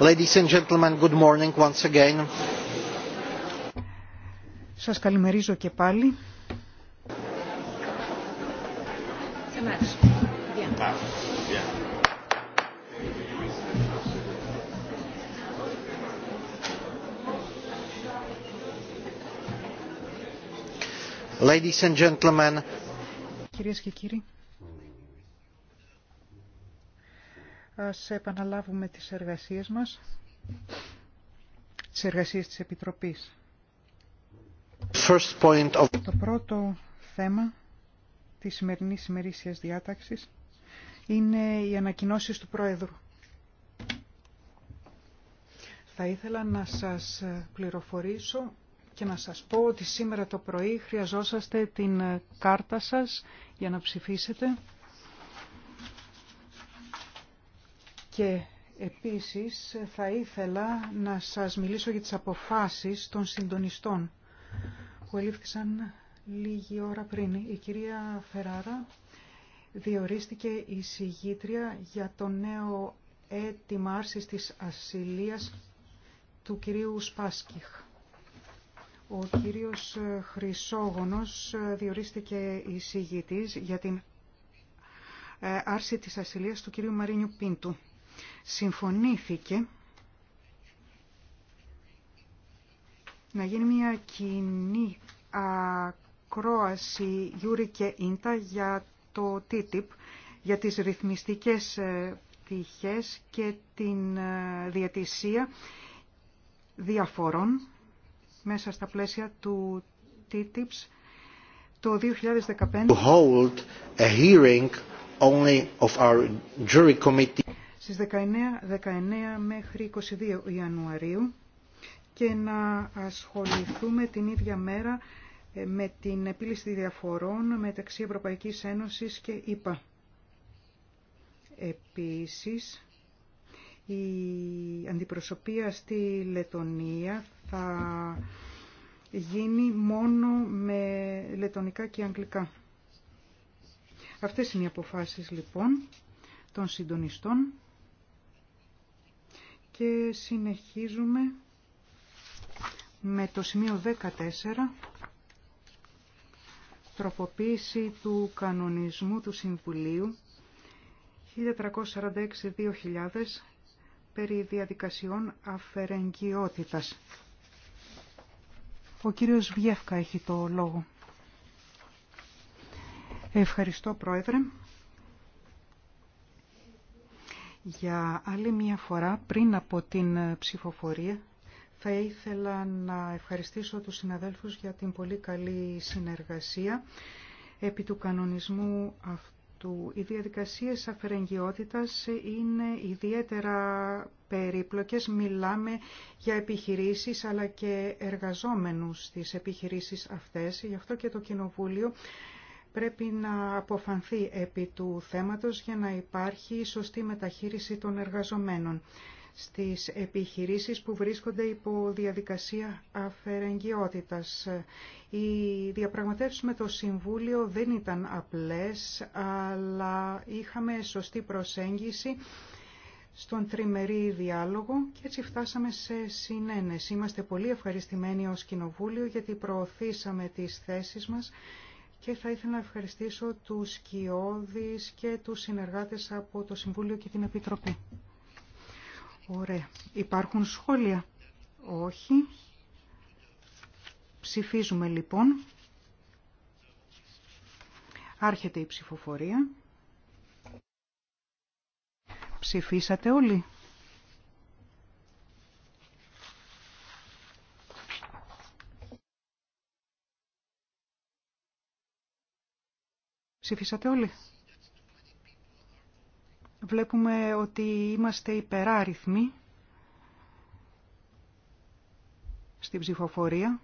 Ladies and gentlemen, good morning once again. Σας καλημερίζω και πάλι. Ladies and gentlemen. Κυρίες και κύριοι. Ας επαναλάβουμε τις εργασίες μας, τις εργασίες της Επιτροπής. First Το πρώτο θέμα της σημερινής ημερήσιας διάταξης είναι οι ανακοινώσεις του Πρόεδρου. Θα ήθελα να σας πληροφορήσω και να σας πω ότι σήμερα το πρωί χρειαζόσαστε την κάρτα σας για να ψηφίσετε. Και επίσης θα ήθελα να σας μιλήσω για τις αποφάσεις των συντονιστών που ελήφθησαν λίγη ώρα πριν. Η κυρία Φεράρα διορίστηκε η για το νέο αίτημα άρσης της ασυλίας του κυρίου Σπάσκιχ. Ο κύριος Χρυσόγονος διορίστηκε εισηγητής για την ε, άρση της ασυλίας του κυρίου Μαρίνιου Πίντου συμφωνήθηκε να γίνει μια κοινή ακρόαση Γιούρι και Ίντα για το TTIP, για τις ρυθμιστικές ε, πτυχές και την ε, διατησία διαφορών μέσα στα πλαίσια του TTIP το 2015. To hold a hearing only of our jury committee στις 19, 19 μέχρι 22 Ιανουαρίου και να ασχοληθούμε την ίδια μέρα ε, με την επίλυση διαφορών μεταξύ Ευρωπαϊκής Ένωσης και ΙΠΑ. Επίσης, η αντιπροσωπεία στη Λετωνία θα γίνει μόνο με λετωνικά και αγγλικά. Αυτές είναι οι αποφάσεις λοιπόν των συντονιστών. Και συνεχίζουμε με το σημείο 14, τροποποίηση του κανονισμού του συμβουλιου 1346 1446-2000 περί διαδικασιών αφαιρεγγιότητας. Ο κύριος Βιέφκα έχει το λόγο. Ευχαριστώ, Πρόεδρε. Για άλλη μια φορά πριν από την ψηφοφορία θα ήθελα να ευχαριστήσω τους συναδέλφους για την πολύ καλή συνεργασία επί του κανονισμού αυτού. Οι διαδικασίες αφαιρεγγιότητας είναι ιδιαίτερα περίπλοκες. Μιλάμε για επιχειρήσεις αλλά και εργαζόμενους στις επιχειρήσεις αυτές. Γι' αυτό και το Κοινοβούλιο πρέπει να αποφανθεί επί του θέματος για να υπάρχει σωστή μεταχείριση των εργαζομένων στις επιχειρήσεις που βρίσκονται υπό διαδικασία αφαιρεγγιότητας. Οι διαπραγματεύσεις με το Συμβούλιο δεν ήταν απλές, αλλά είχαμε σωστή προσέγγιση στον τριμερή διάλογο και έτσι φτάσαμε σε συνένεση. Είμαστε πολύ ευχαριστημένοι ως Κοινοβούλιο γιατί προωθήσαμε τις θέσεις μας και θα ήθελα να ευχαριστήσω τους και τους συνεργάτες από το Συμβούλιο και την Επιτροπή. Ωραία. Υπάρχουν σχόλια. Όχι. Ψηφίζουμε λοιπόν. Άρχεται η ψηφοφορία. Ψηφίσατε όλοι. Ψηφίσατε όλοι. Βλέπουμε ότι είμαστε υπεράριθμοι στην ψηφοφορία.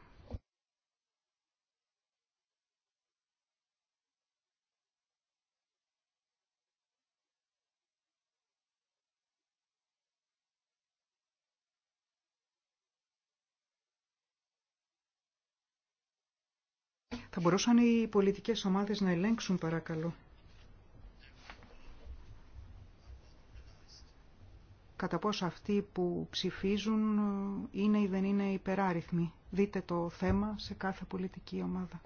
Θα μπορούσαν οι πολιτικές ομάδες να ελέγξουν παρακαλώ. Κατά πόσο αυτοί που ψηφίζουν είναι ή δεν είναι υπεράριθμοι. Δείτε το θέμα σε κάθε πολιτική ομάδα.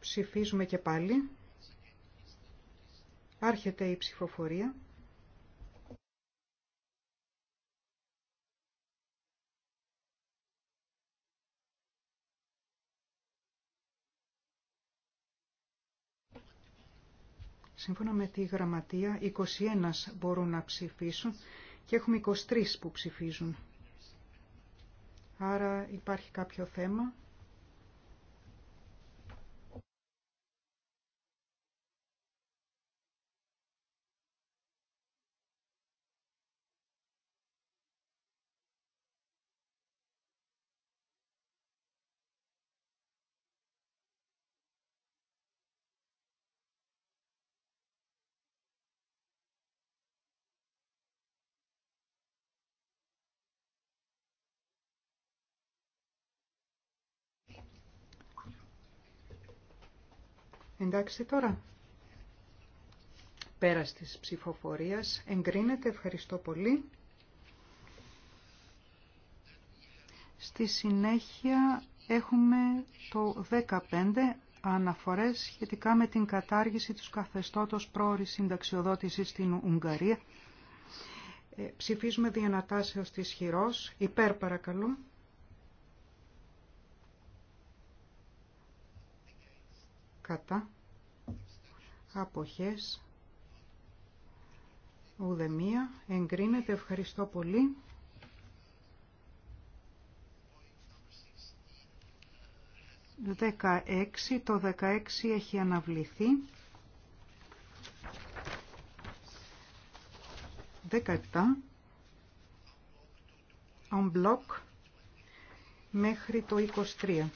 Ψηφίζουμε και πάλι. Άρχεται η ψηφοφορία. Σύμφωνα με τη γραμματεία, 21 μπορούν να ψηφίσουν και έχουμε 23 που ψηφίζουν. Άρα υπάρχει κάποιο θέμα. Εντάξει τώρα. Πέρας της ψηφοφορίας. Εγκρίνεται. Ευχαριστώ πολύ. Στη συνέχεια έχουμε το 15 αναφορές σχετικά με την κατάργηση του καθεστώτος πρόορης συνταξιοδότησης στην Ουγγαρία. Ε, ψηφίζουμε διανατάσεως της χειρός. Υπέρ παρακαλώ. κατά αποχές ουδεμία εγκρίνεται ευχαριστώ πολύ Δεκαέξι, το 16 έχει αναβληθεί. 17 on block μέχρι το 23.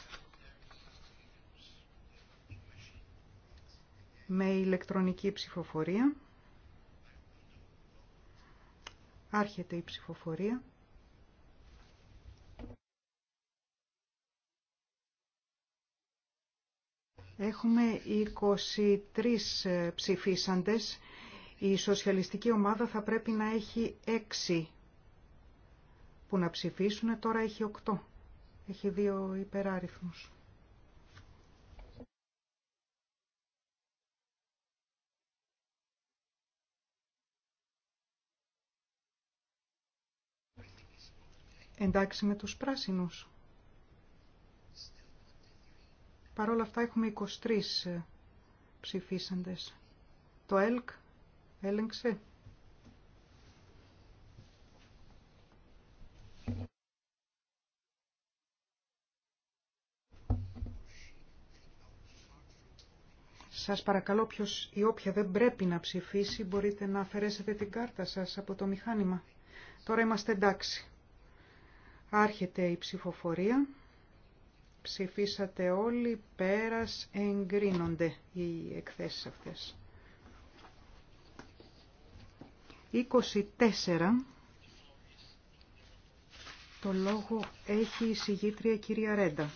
με ηλεκτρονική ψηφοφορία. Άρχεται η ψηφοφορία. Έχουμε 23 ε, ψηφίσαντες. Η σοσιαλιστική ομάδα θα πρέπει να έχει 6 που να ψηφίσουν, τώρα έχει 8. Έχει δύο υπεράριθμους. εντάξει με τους πράσινους. Παρ' όλα αυτά έχουμε 23 ε, ψηφίσαντες. Το ΕΛΚ έλεγξε. Σας παρακαλώ ποιος ή όποια δεν πρέπει να ψηφίσει μπορείτε να αφαιρέσετε την κάρτα σας από το μηχάνημα. Τώρα είμαστε εντάξει. Άρχεται η ψηφοφορία. Ψηφίσατε όλοι, πέρας, εγκρίνονται οι εκθέσεις αυτές. 24. Το λόγο έχει η συγγήτρια κυρία Ρέντα.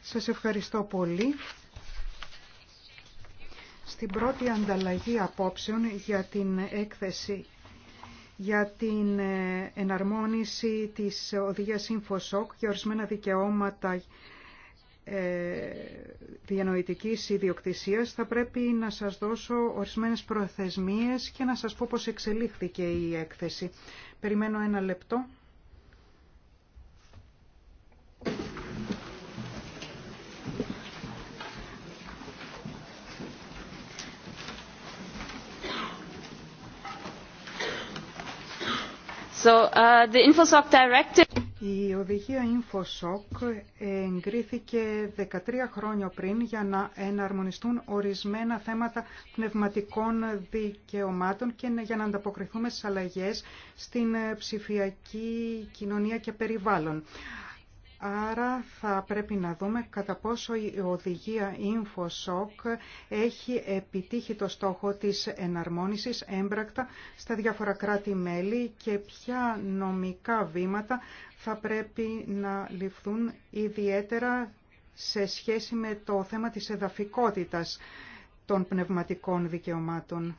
Σας ευχαριστώ πολύ. Στην πρώτη ανταλλαγή απόψεων για την έκθεση για την ε, εναρμόνιση της οδηγίας InfoSoc και ορισμένα δικαιώματα ε, διανοητικής ιδιοκτησίας θα πρέπει να σας δώσω ορισμένες προθεσμίες και να σας πω πώς εξελίχθηκε η έκθεση. Περιμένω ένα λεπτό. So, uh, the InfoSoc Directive... Η οδηγία InfoSoc εγκρίθηκε 13 χρόνια πριν για να εναρμονιστούν ορισμένα θέματα πνευματικών δικαιωμάτων και για να ανταποκριθούμε στις αλλαγές στην ψηφιακή κοινωνία και περιβάλλον. Άρα θα πρέπει να δούμε κατά πόσο η οδηγία InfoSoc έχει επιτύχει το στόχο της εναρμόνισης έμπρακτα στα διάφορα κράτη-μέλη και ποια νομικά βήματα θα πρέπει να ληφθούν ιδιαίτερα σε σχέση με το θέμα της εδαφικότητας των πνευματικών δικαιωμάτων.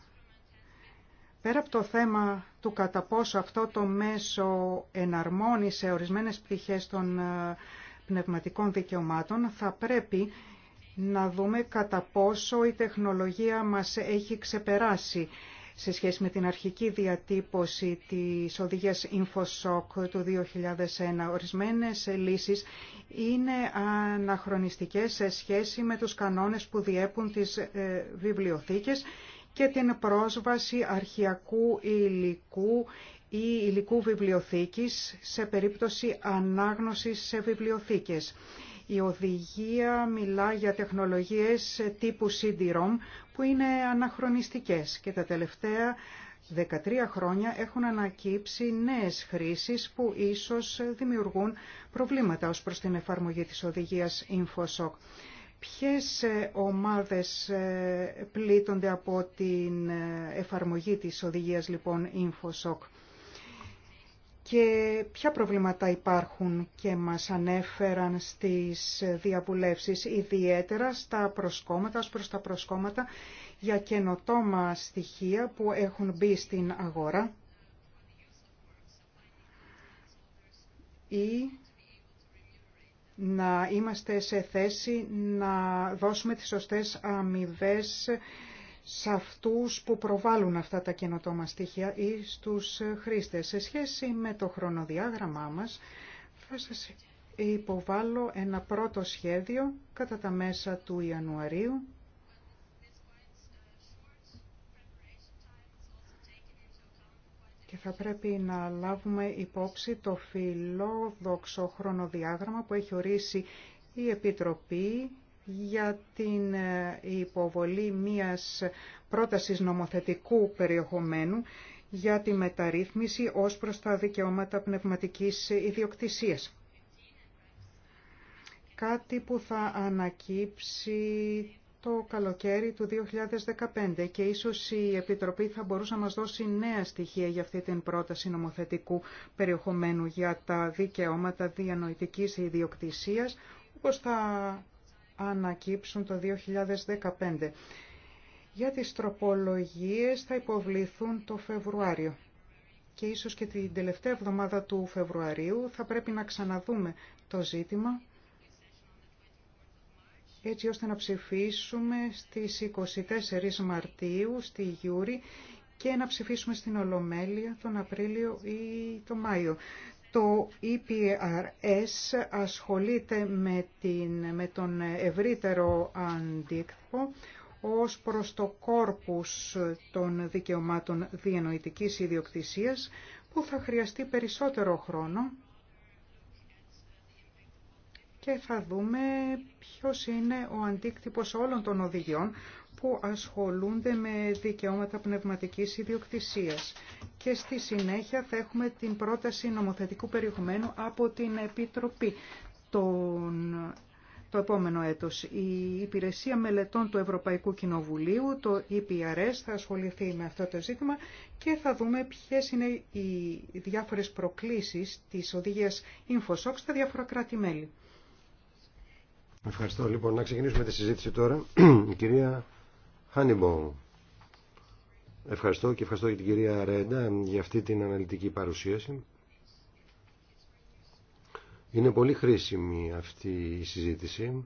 Πέρα από το θέμα του κατά πόσο αυτό το μέσο εναρμόνει σε ορισμένες πτυχές των ε, πνευματικών δικαιωμάτων, θα πρέπει να δούμε κατά πόσο η τεχνολογία μας έχει ξεπεράσει σε σχέση με την αρχική διατύπωση της οδηγίας InfoSoc του 2001. Ορισμένες λύσεις είναι αναχρονιστικές σε σχέση με τους κανόνες που διέπουν τις ε, βιβλιοθήκες και την πρόσβαση αρχιακού υλικού ή υλικού βιβλιοθήκης σε περίπτωση ανάγνωσης σε βιβλιοθήκες. Η οδηγία μιλά για τεχνολογίες τύπου CD-ROM που είναι αναχρονιστικές και τα τελευταία 13 χρόνια έχουν ανακύψει νέες χρήσεις που ίσως δημιουργούν προβλήματα ως προς την εφαρμογή της οδηγίας InfoSoc. Ποιες ε, ομάδες ε, πλήττονται από την ε, εφαρμογή της οδηγίας λοιπόν InfoSoc και ποια προβλήματα υπάρχουν και μας ανέφεραν στις διαβουλεύσεις, ιδιαίτερα στα προσκόμματα, ως προς τα προσκόμματα για καινοτόμα στοιχεία που έχουν μπει στην αγορά ή να είμαστε σε θέση να δώσουμε τις σωστές αμοιβέ σε αυτούς που προβάλλουν αυτά τα καινοτόμα στοιχεία ή στους χρήστες. Σε σχέση με το χρονοδιάγραμμά μας, θα σας υποβάλω ένα πρώτο σχέδιο κατά τα μέσα του Ιανουαρίου και θα πρέπει να λάβουμε υπόψη το φιλόδοξο χρονοδιάγραμμα που έχει ορίσει η Επιτροπή για την ε, υποβολή μιας πρότασης νομοθετικού περιεχομένου για τη μεταρρύθμιση ως προς τα δικαιώματα πνευματικής ιδιοκτησίας. Κάτι που θα ανακύψει το καλοκαίρι του 2015 και ίσως η Επιτροπή θα μπορούσε να μας δώσει νέα στοιχεία για αυτή την πρόταση νομοθετικού περιεχομένου για τα δικαιώματα διανοητικής ιδιοκτησίας, όπως θα ανακύψουν το 2015. Για τις τροπολογίες θα υποβληθούν το Φεβρουάριο και ίσως και την τελευταία εβδομάδα του Φεβρουαρίου θα πρέπει να ξαναδούμε το ζήτημα έτσι ώστε να ψηφίσουμε στις 24 Μαρτίου στη Γιούρη και να ψηφίσουμε στην Ολομέλεια τον Απρίλιο ή τον Μάιο. Το EPRS ασχολείται με, την, με τον ευρύτερο αντίκτυπο ως προς το κόρπους των δικαιωμάτων διανοητικής ιδιοκτησίας που θα χρειαστεί περισσότερο χρόνο και θα δούμε ποιος είναι ο αντίκτυπος όλων των οδηγιών που ασχολούνται με δικαιώματα πνευματικής ιδιοκτησίας. Και στη συνέχεια θα έχουμε την πρόταση νομοθετικού περιεχομένου από την Επιτροπή το επόμενο έτος. Η Υπηρεσία Μελετών του Ευρωπαϊκού Κοινοβουλίου, το EPRS, θα ασχοληθεί με αυτό το ζήτημα και θα δούμε ποιες είναι οι διάφορες προκλήσεις της οδηγίας InfoSoc στα διάφορα κράτη-μέλη. Ευχαριστώ. Λοιπόν, να ξεκινήσουμε τη συζήτηση τώρα. Η κυρία Χάνιμπο. Ευχαριστώ και ευχαριστώ για την κυρία Ρέντα για αυτή την αναλυτική παρουσίαση. Είναι πολύ χρήσιμη αυτή η συζήτηση,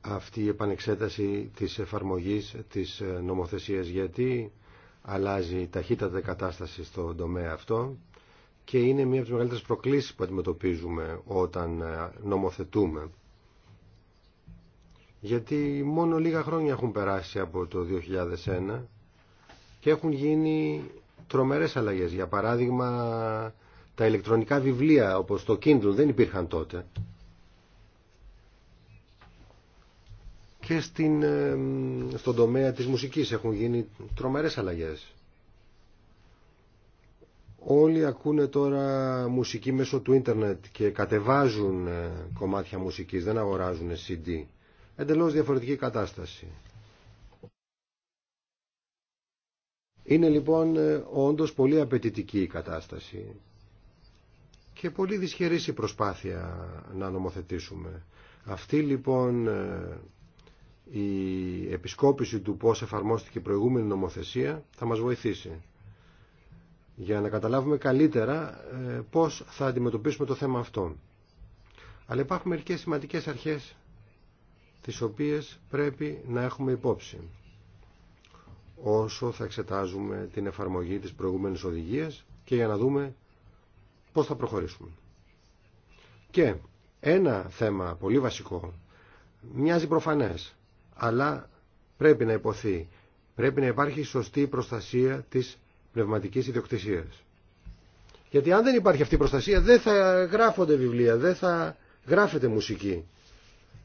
αυτή η επανεξέταση της εφαρμογής της νομοθεσίας γιατί αλλάζει ταχύτατα η κατάσταση στον τομέα αυτό και είναι μία από τις μεγαλύτερες προκλήσεις που αντιμετωπίζουμε όταν νομοθετούμε γιατί μόνο λίγα χρόνια έχουν περάσει από το 2001 και έχουν γίνει τρομερές αλλαγές. Για παράδειγμα, τα ηλεκτρονικά βιβλία όπως το Kindle δεν υπήρχαν τότε. Και στην, στον τομέα της μουσικής έχουν γίνει τρομερές αλλαγές. Όλοι ακούνε τώρα μουσική μέσω του ίντερνετ και κατεβάζουν ε, κομμάτια μουσικής, δεν αγοράζουν CD εντελώς διαφορετική κατάσταση. Είναι λοιπόν ε, όντως πολύ απαιτητική η κατάσταση και πολύ δυσχερής η προσπάθεια να νομοθετήσουμε. Αυτή λοιπόν ε, η επισκόπηση του πώς εφαρμόστηκε η προηγούμενη νομοθεσία θα μας βοηθήσει για να καταλάβουμε καλύτερα ε, πώς θα αντιμετωπίσουμε το θέμα αυτό. Αλλά υπάρχουν μερικές σημαντικές αρχές τις οποίες πρέπει να έχουμε υπόψη όσο θα εξετάζουμε την εφαρμογή της προηγούμενης οδηγίας και για να δούμε πώς θα προχωρήσουμε. Και ένα θέμα πολύ βασικό, μοιάζει προφανές, αλλά πρέπει να υποθεί, πρέπει να υπάρχει σωστή προστασία της πνευματικής ιδιοκτησίας. Γιατί αν δεν υπάρχει αυτή η προστασία δεν θα γράφονται βιβλία, δεν θα γράφεται μουσική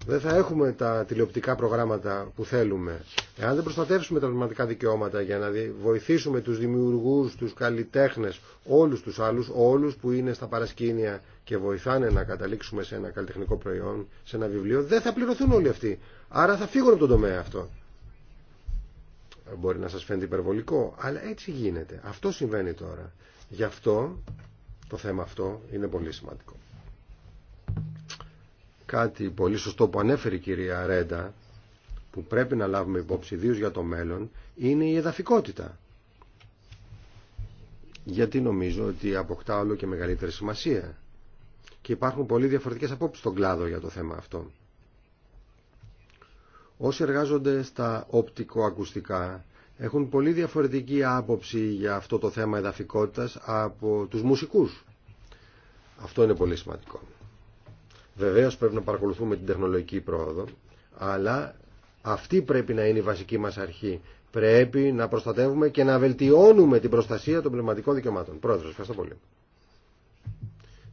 δεν θα έχουμε τα τηλεοπτικά προγράμματα που θέλουμε. Εάν δεν προστατεύσουμε τα πνευματικά δικαιώματα για να βοηθήσουμε τους δημιουργούς, τους καλλιτέχνες, όλους τους άλλους, όλους που είναι στα παρασκήνια και βοηθάνε να καταλήξουμε σε ένα καλλιτεχνικό προϊόν, σε ένα βιβλίο, δεν θα πληρωθούν όλοι αυτοί. Άρα θα φύγουν από τον τομέα αυτό. Μπορεί να σας φαίνεται υπερβολικό, αλλά έτσι γίνεται. Αυτό συμβαίνει τώρα. Γι' αυτό το θέμα αυτό είναι πολύ σημαντικό κάτι πολύ σωστό που ανέφερε η κυρία Ρέντα, που πρέπει να λάβουμε υπόψη ιδίως για το μέλλον, είναι η εδαφικότητα. Γιατί νομίζω ότι αποκτά όλο και μεγαλύτερη σημασία. Και υπάρχουν πολύ διαφορετικές απόψεις στον κλάδο για το θέμα αυτό. Όσοι εργάζονται στα οπτικοακουστικά έχουν πολύ διαφορετική άποψη για αυτό το θέμα εδαφικότητας από τους μουσικούς. Αυτό είναι πολύ σημαντικό. Βεβαίω πρέπει να παρακολουθούμε την τεχνολογική πρόοδο, αλλά αυτή πρέπει να είναι η βασική μας αρχή. Πρέπει να προστατεύουμε και να βελτιώνουμε την προστασία των πνευματικών δικαιωμάτων. Πρόεδρος, ευχαριστώ πολύ.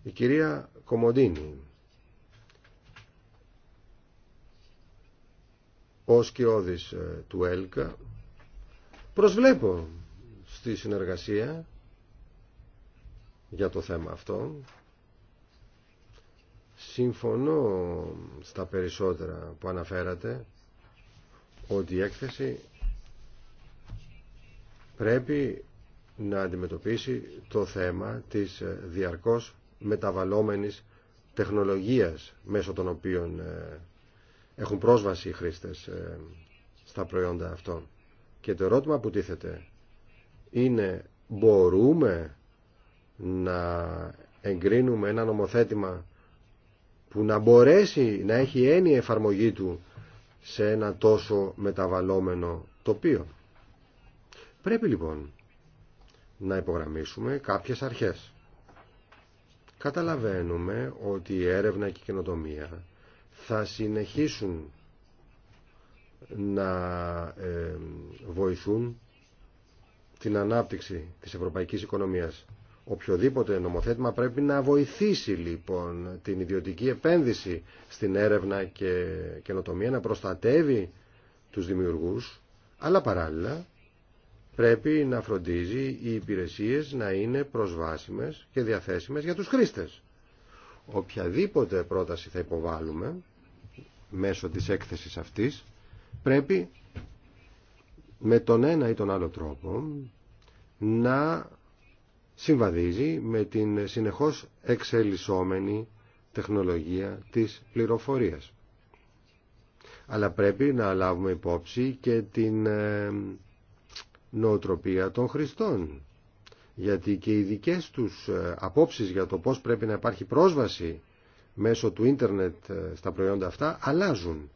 Η κυρία Κομοντίνη. Ως κοιόδης ε, του ΕΛΚΑ προσβλέπω στη συνεργασία για το θέμα αυτό Συμφωνώ στα περισσότερα που αναφέρατε ότι η έκθεση πρέπει να αντιμετωπίσει το θέμα της διαρκώς μεταβαλλόμενης τεχνολογίας μέσω των οποίων ε, έχουν πρόσβαση οι χρήστες ε, στα προϊόντα αυτών. Και το ερώτημα που τίθεται είναι μπορούμε να εγκρίνουμε ένα νομοθέτημα που να μπορέσει να έχει έννοια εφαρμογή του σε ένα τόσο μεταβαλλόμενο τοπίο. Πρέπει λοιπόν να υπογραμμίσουμε κάποιες αρχές. Καταλαβαίνουμε ότι η έρευνα και η καινοτομία θα συνεχίσουν να ε, βοηθούν την ανάπτυξη της ευρωπαϊκής οικονομίας. Οποιοδήποτε νομοθέτημα πρέπει να βοηθήσει λοιπόν την ιδιωτική επένδυση στην έρευνα και καινοτομία, να προστατεύει τους δημιουργούς, αλλά παράλληλα πρέπει να φροντίζει οι υπηρεσίες να είναι προσβάσιμες και διαθέσιμες για τους χρήστες. Οποιαδήποτε πρόταση θα υποβάλουμε μέσω της έκθεσης αυτής πρέπει με τον ένα ή τον άλλο τρόπο να συμβαδίζει με την συνεχώς εξελισσόμενη τεχνολογία της πληροφορίας. Αλλά πρέπει να λάβουμε υπόψη και την ε, νοοτροπία των χρηστών. Γιατί και οι δικές τους ε, απόψεις για το πώς πρέπει να υπάρχει πρόσβαση μέσω του ίντερνετ ε, στα προϊόντα αυτά αλλάζουν.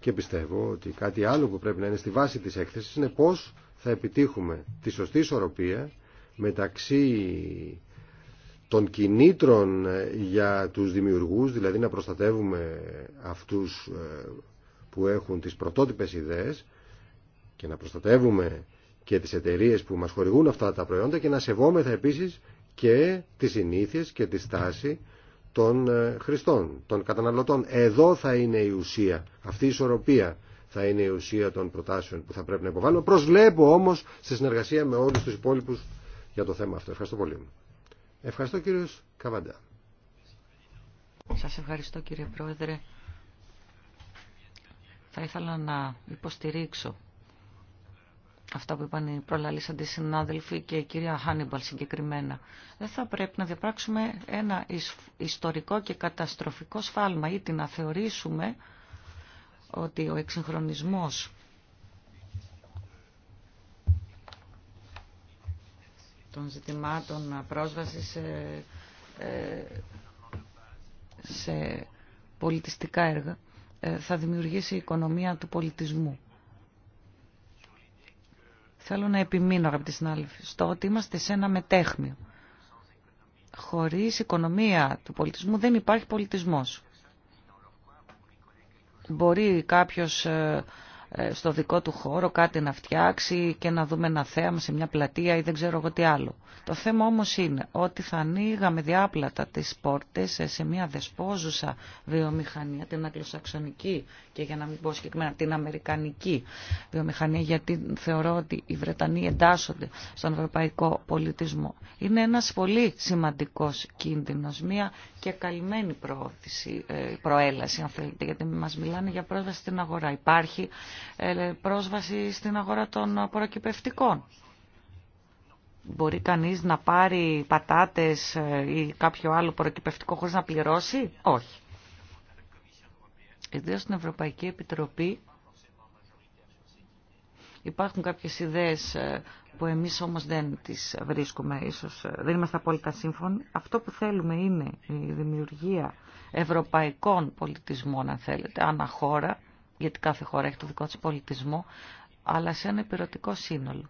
Και πιστεύω ότι κάτι άλλο που πρέπει να είναι στη βάση της έκθεσης είναι πώς θα επιτύχουμε τη σωστή ισορροπία μεταξύ των κινήτρων για τους δημιουργούς, δηλαδή να προστατεύουμε αυτούς ε, που έχουν τις πρωτότυπες ιδέες και να προστατεύουμε και τις εταιρείες που μας χορηγούν αυτά τα προϊόντα και να σεβόμεθα επίσης και τις συνήθειες και τη στάση των ε, χρηστών, των καταναλωτών. Εδώ θα είναι η ουσία, αυτή η ισορροπία θα είναι η ουσία των προτάσεων που θα πρέπει να υποβάλουμε. Προσβλέπω όμως σε συνεργασία με όλους τους υπόλοιπους για το θέμα αυτό. Ευχαριστώ πολύ. Ευχαριστώ κύριος Καβαντά. Σας ευχαριστώ κύριε Πρόεδρε. Θα ήθελα να υποστηρίξω αυτά που είπαν οι προλαλήσαντες συνάδελφοι και η κυρία Χάνιμπαλ συγκεκριμένα. Δεν θα πρέπει να διαπράξουμε ένα ιστορικό και καταστροφικό σφάλμα ή να θεωρήσουμε ότι ο εξυγχρονισμός των ζητημάτων πρόσβασης σε, ε, σε πολιτιστικά έργα ε, θα δημιουργήσει η οικονομία του πολιτισμού. Θέλω να επιμείνω, αγαπητοί συνάδελφοι, στο ότι είμαστε σε ένα μετέχμιο. Χωρίς οικονομία του πολιτισμού δεν υπάρχει πολιτισμός. Μπορεί κάποιος ε, ε, στο δικό του χώρο κάτι να φτιάξει και να δούμε ένα θέαμα σε μια πλατεία ή δεν ξέρω εγώ τι άλλο. Το θέμα όμως είναι ότι θα ανοίγαμε διάπλατα τις πόρτες ε, σε μια δεσπόζουσα βιομηχανία, την αγγλοσαξονική και για να μην πω συγκεκριμένα την αμερικανική βιομηχανία, γιατί θεωρώ ότι οι Βρετανοί εντάσσονται στον ευρωπαϊκό πολιτισμό. Είναι ένας πολύ σημαντικός κίνδυνος, μια και καλυμμένη ε, προέλαση αν θέλετε, γιατί μας μιλάνε για πρόσβαση στην αγορά. Υπάρχει ε, πρόσβαση στην αγορά των προκυπευτικών. Μπορεί κανείς να πάρει πατάτες ε, ή κάποιο άλλο προκυπευτικό χωρίς να πληρώσει. Όχι. Ιδίως στην Ευρωπαϊκή Επιτροπή υπάρχουν κάποιες ιδέες ε, που εμείς όμως δεν τις βρίσκουμε ίσως, δεν είμαστε απόλυτα σύμφωνοι. Αυτό που θέλουμε είναι η δημιουργία ευρωπαϊκών πολιτισμών, αν θέλετε, αναχώρα, γιατί κάθε χώρα έχει το δικό της πολιτισμό, αλλά σε ένα υπηρετικό σύνολο,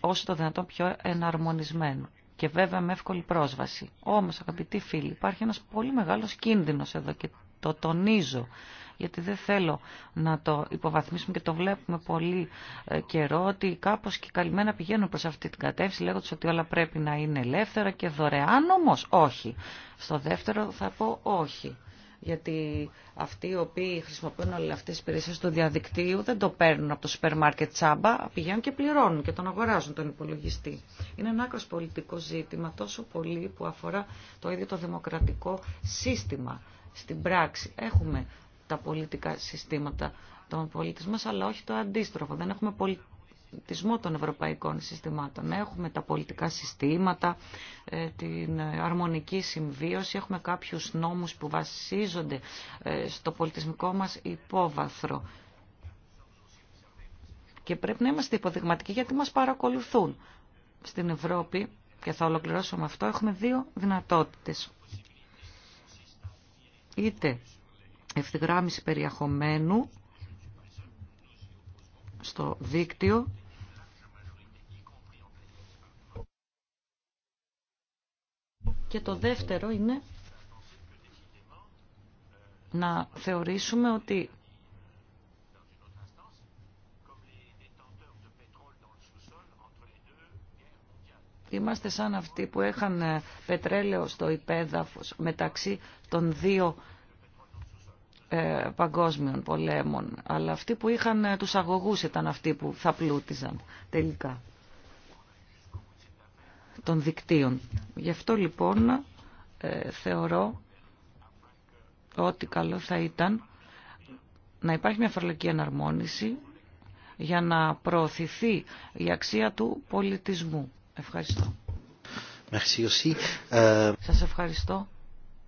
όσο το δυνατόν πιο εναρμονισμένο και βέβαια με εύκολη πρόσβαση. Όμως, αγαπητοί φίλοι, υπάρχει ένας πολύ μεγάλος κίνδυνος εδώ και το τονίζω, γιατί δεν θέλω να το υποβαθμίσουμε και το βλέπουμε πολύ ε, καιρό ότι κάπως και καλυμμένα πηγαίνουν προς αυτή την κατεύθυνση λέγοντας ότι όλα πρέπει να είναι ελεύθερα και δωρεάν όμως όχι. Στο δεύτερο θα πω όχι γιατί αυτοί οι οποίοι χρησιμοποιούν όλε αυτές τις υπηρεσίε του διαδικτύου δεν το παίρνουν από το σούπερ μάρκετ τσάμπα, πηγαίνουν και πληρώνουν και τον αγοράζουν τον υπολογιστή. Είναι ένα άκρο πολιτικό ζήτημα τόσο πολύ που αφορά το ίδιο το δημοκρατικό σύστημα στην πράξη. Έχουμε τα πολιτικά συστήματα των πολιτισμών, αλλά όχι το αντίστροφο. Δεν έχουμε πολιτικό πολιτισμό των ευρωπαϊκών συστημάτων. Έχουμε τα πολιτικά συστήματα, ε, την αρμονική συμβίωση, έχουμε κάποιους νόμους που βασίζονται ε, στο πολιτισμικό μας υπόβαθρο. Και πρέπει να είμαστε υποδειγματικοί γιατί μας παρακολουθούν. Στην Ευρώπη, και θα ολοκληρώσω με αυτό, έχουμε δύο δυνατότητες. Είτε ευθυγράμμιση περιεχομένου στο δίκτυο Και το δεύτερο είναι να θεωρήσουμε ότι Είμαστε σαν αυτοί που είχαν πετρέλαιο στο υπέδαφος μεταξύ των δύο ε, παγκόσμιων πολέμων. Αλλά αυτοί που είχαν τους αγωγούς ήταν αυτοί που θα πλούτιζαν τελικά των δικτύων. Γι' αυτό λοιπόν ε, θεωρώ ότι καλό θα ήταν να υπάρχει μια φορολογική εναρμόνιση για να προωθηθεί η αξία του πολιτισμού. Ευχαριστώ. Merci ε, Σας ευχαριστώ,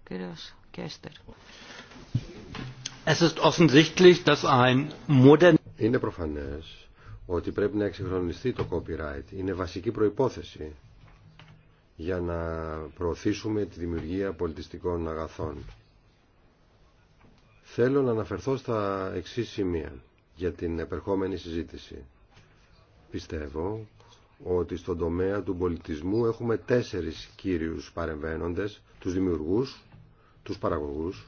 κύριος Κέστερ. Είναι προφανές ότι πρέπει να εξυγχρονιστεί το copyright. Είναι βασική προϋπόθεση για να προωθήσουμε τη δημιουργία πολιτιστικών αγαθών. Θέλω να αναφερθώ στα εξή σημεία για την επερχόμενη συζήτηση. Πιστεύω ότι στον τομέα του πολιτισμού έχουμε τέσσερις κύριους παρεμβαίνοντες, τους δημιουργούς, τους παραγωγούς,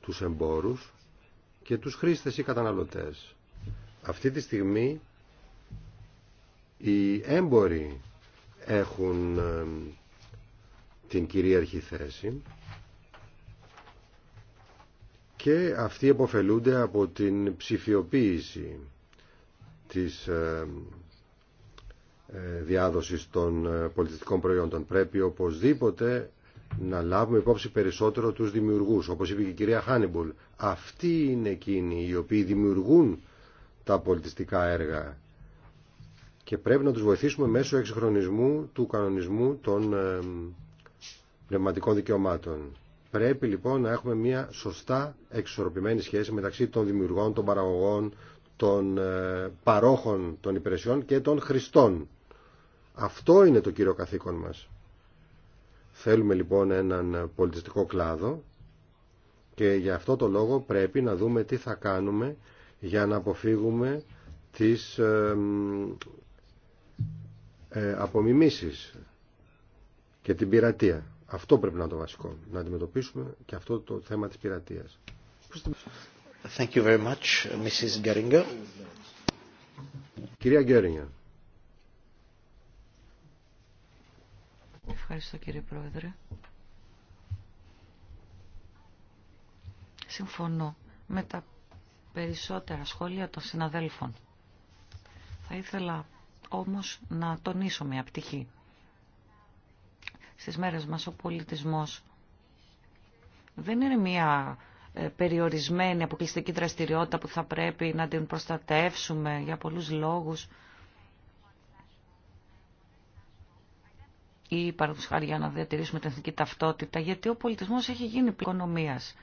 τους εμπόρους και τους χρήστες ή καταναλωτές. Αυτή τη στιγμή οι έμποροι έχουν ε, την κυρίαρχη θέση και αυτοί εποφελούνται από την ψηφιοποίηση της ε, ε, διάδοσης των πολιτιστικών προϊόντων. Πρέπει οπωσδήποτε να λάβουμε υπόψη περισσότερο τους δημιουργούς. Όπως είπε και η κυρία Χάνιμπουλ, αυτοί είναι εκείνοι οι οποίοι δημιουργούν τα πολιτιστικά έργα και πρέπει να τους βοηθήσουμε μέσω εξυγχρονισμού του κανονισμού των ε, πνευματικών δικαιωμάτων. Πρέπει λοιπόν να έχουμε μια σωστά εξορροπημένη σχέση μεταξύ των δημιουργών, των παραγωγών, των ε, παρόχων των υπηρεσιών και των χρηστών. Αυτό είναι το κύριο καθήκον μας. Θέλουμε λοιπόν έναν πολιτιστικό κλάδο και για αυτό το λόγο πρέπει να δούμε τι θα κάνουμε για να αποφύγουμε τις ε, ε, απομιμήσεις και την πειρατεία. Αυτό πρέπει να είναι το βασικό, να αντιμετωπίσουμε και αυτό το θέμα της πειρατείας. Ευχαριστώ κύριε Πρόεδρε. Συμφωνώ με τα περισσότερα σχόλια των συναδέλφων. Θα ήθελα όμως να τονίσω μια πτυχή. Στις μέρες μας ο πολιτισμός δεν είναι μια ε, περιορισμένη αποκλειστική δραστηριότητα που θα πρέπει να την προστατεύσουμε για πολλούς λόγους. Ή παραδείγματος για να διατηρήσουμε την εθνική ταυτότητα, γιατί ο πολιτισμός έχει γίνει πλήρη οικονομίας.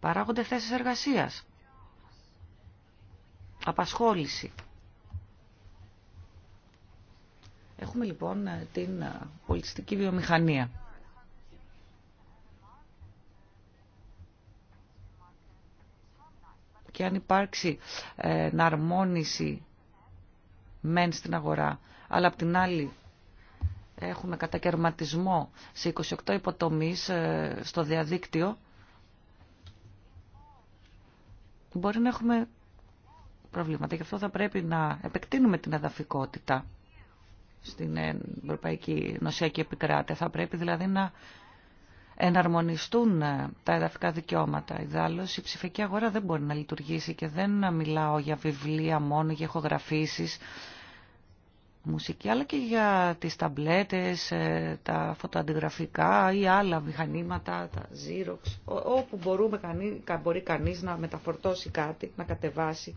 Παράγονται θέσεις εργασίας. Απασχόληση. Έχουμε λοιπόν ε, την ε, πολιτιστική βιομηχανία. Και αν υπάρξει ε, ναρμόνιση μεν στην αγορά, αλλά απ' την άλλη έχουμε κατακαιρματισμό σε 28 υποτομείς στο διαδίκτυο, μπορεί να έχουμε προβλήματα. Γι' αυτό θα πρέπει να επεκτείνουμε την εδαφικότητα στην Ευρωπαϊκή Νοσιακή Επικράτεια. Θα πρέπει δηλαδή να εναρμονιστούν ε, τα εδαφικά δικαιώματα. Ιδάλλως η ψηφιακή αγορά δεν μπορεί να λειτουργήσει και δεν μιλάω για βιβλία μόνο, για ηχογραφήσεις, μουσική, αλλά και για τις ταμπλέτες, ε, τα φωτοαντιγραφικά ή άλλα μηχανήματα, τα Xerox, όπου μπορούμε, μπορεί κανείς να μεταφορτώσει κάτι, να κατεβάσει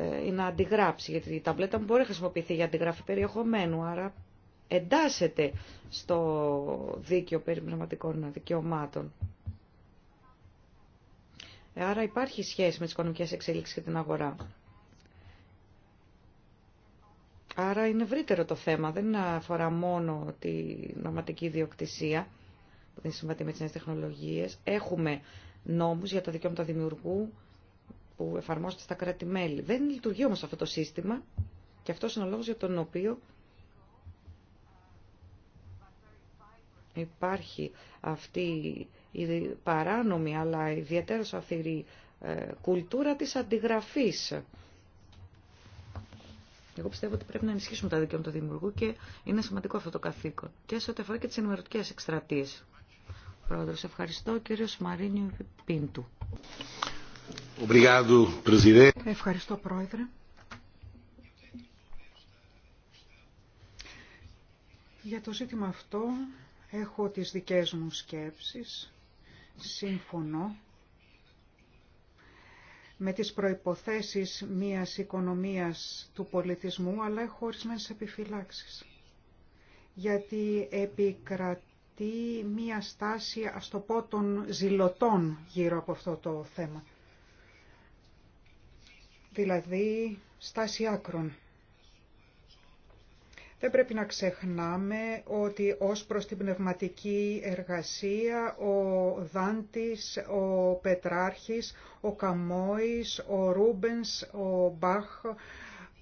ε, ή να αντιγράψει, γιατί η ταμπλέτα μου μπορεί να αντιγραψει γιατι η ταμπλετα μπορει να χρησιμοποιηθει για αντιγράφη περιεχομένου, άρα εντάσσεται στο δίκαιο περί πνευματικών δικαιωμάτων. Ε, άρα υπάρχει σχέση με τις οικονομικές εξέλιξεις και την αγορά. Άρα είναι ευρύτερο το θέμα, δεν αφορά μόνο τη νοματική ιδιοκτησία, που δεν συμβατεί με τις νέες τεχνολογίες. Έχουμε νόμους για τα του δημιουργού, που εφαρμόζεται στα κράτη-μέλη. Δεν λειτουργεί όμως αυτό το σύστημα και αυτός είναι ο λόγος για τον οποίο υπάρχει αυτή η παράνομη αλλά ιδιαίτερα αυθυρή ε, κουλτούρα της αντιγραφής. Εγώ πιστεύω ότι πρέπει να ενισχύσουμε τα δικαιώματα του δημιουργού και είναι σημαντικό αυτό το καθήκον. Και σε ό,τι αφορά και τι ενημερωτικέ εκστρατείε. Πρόεδρο, ευχαριστώ. Κύριο Μαρίνιο Πίντου. Ευχαριστώ, Πρόεδρε. Για το ζήτημα αυτό έχω τις δικές μου σκέψεις. σύμφωνο με τις προϋποθέσεις μιας οικονομίας του πολιτισμού, αλλά έχω ορισμένε επιφυλάξεις. Γιατί επικρατεί μια στάση, ας το πω, των ζηλωτών γύρω από αυτό το θέμα δηλαδή στάση άκρων. Δεν πρέπει να ξεχνάμε ότι ως προς την πνευματική εργασία ο Δάντης, ο Πετράρχης, ο Καμόης, ο Ρούμπενς, ο Μπαχ,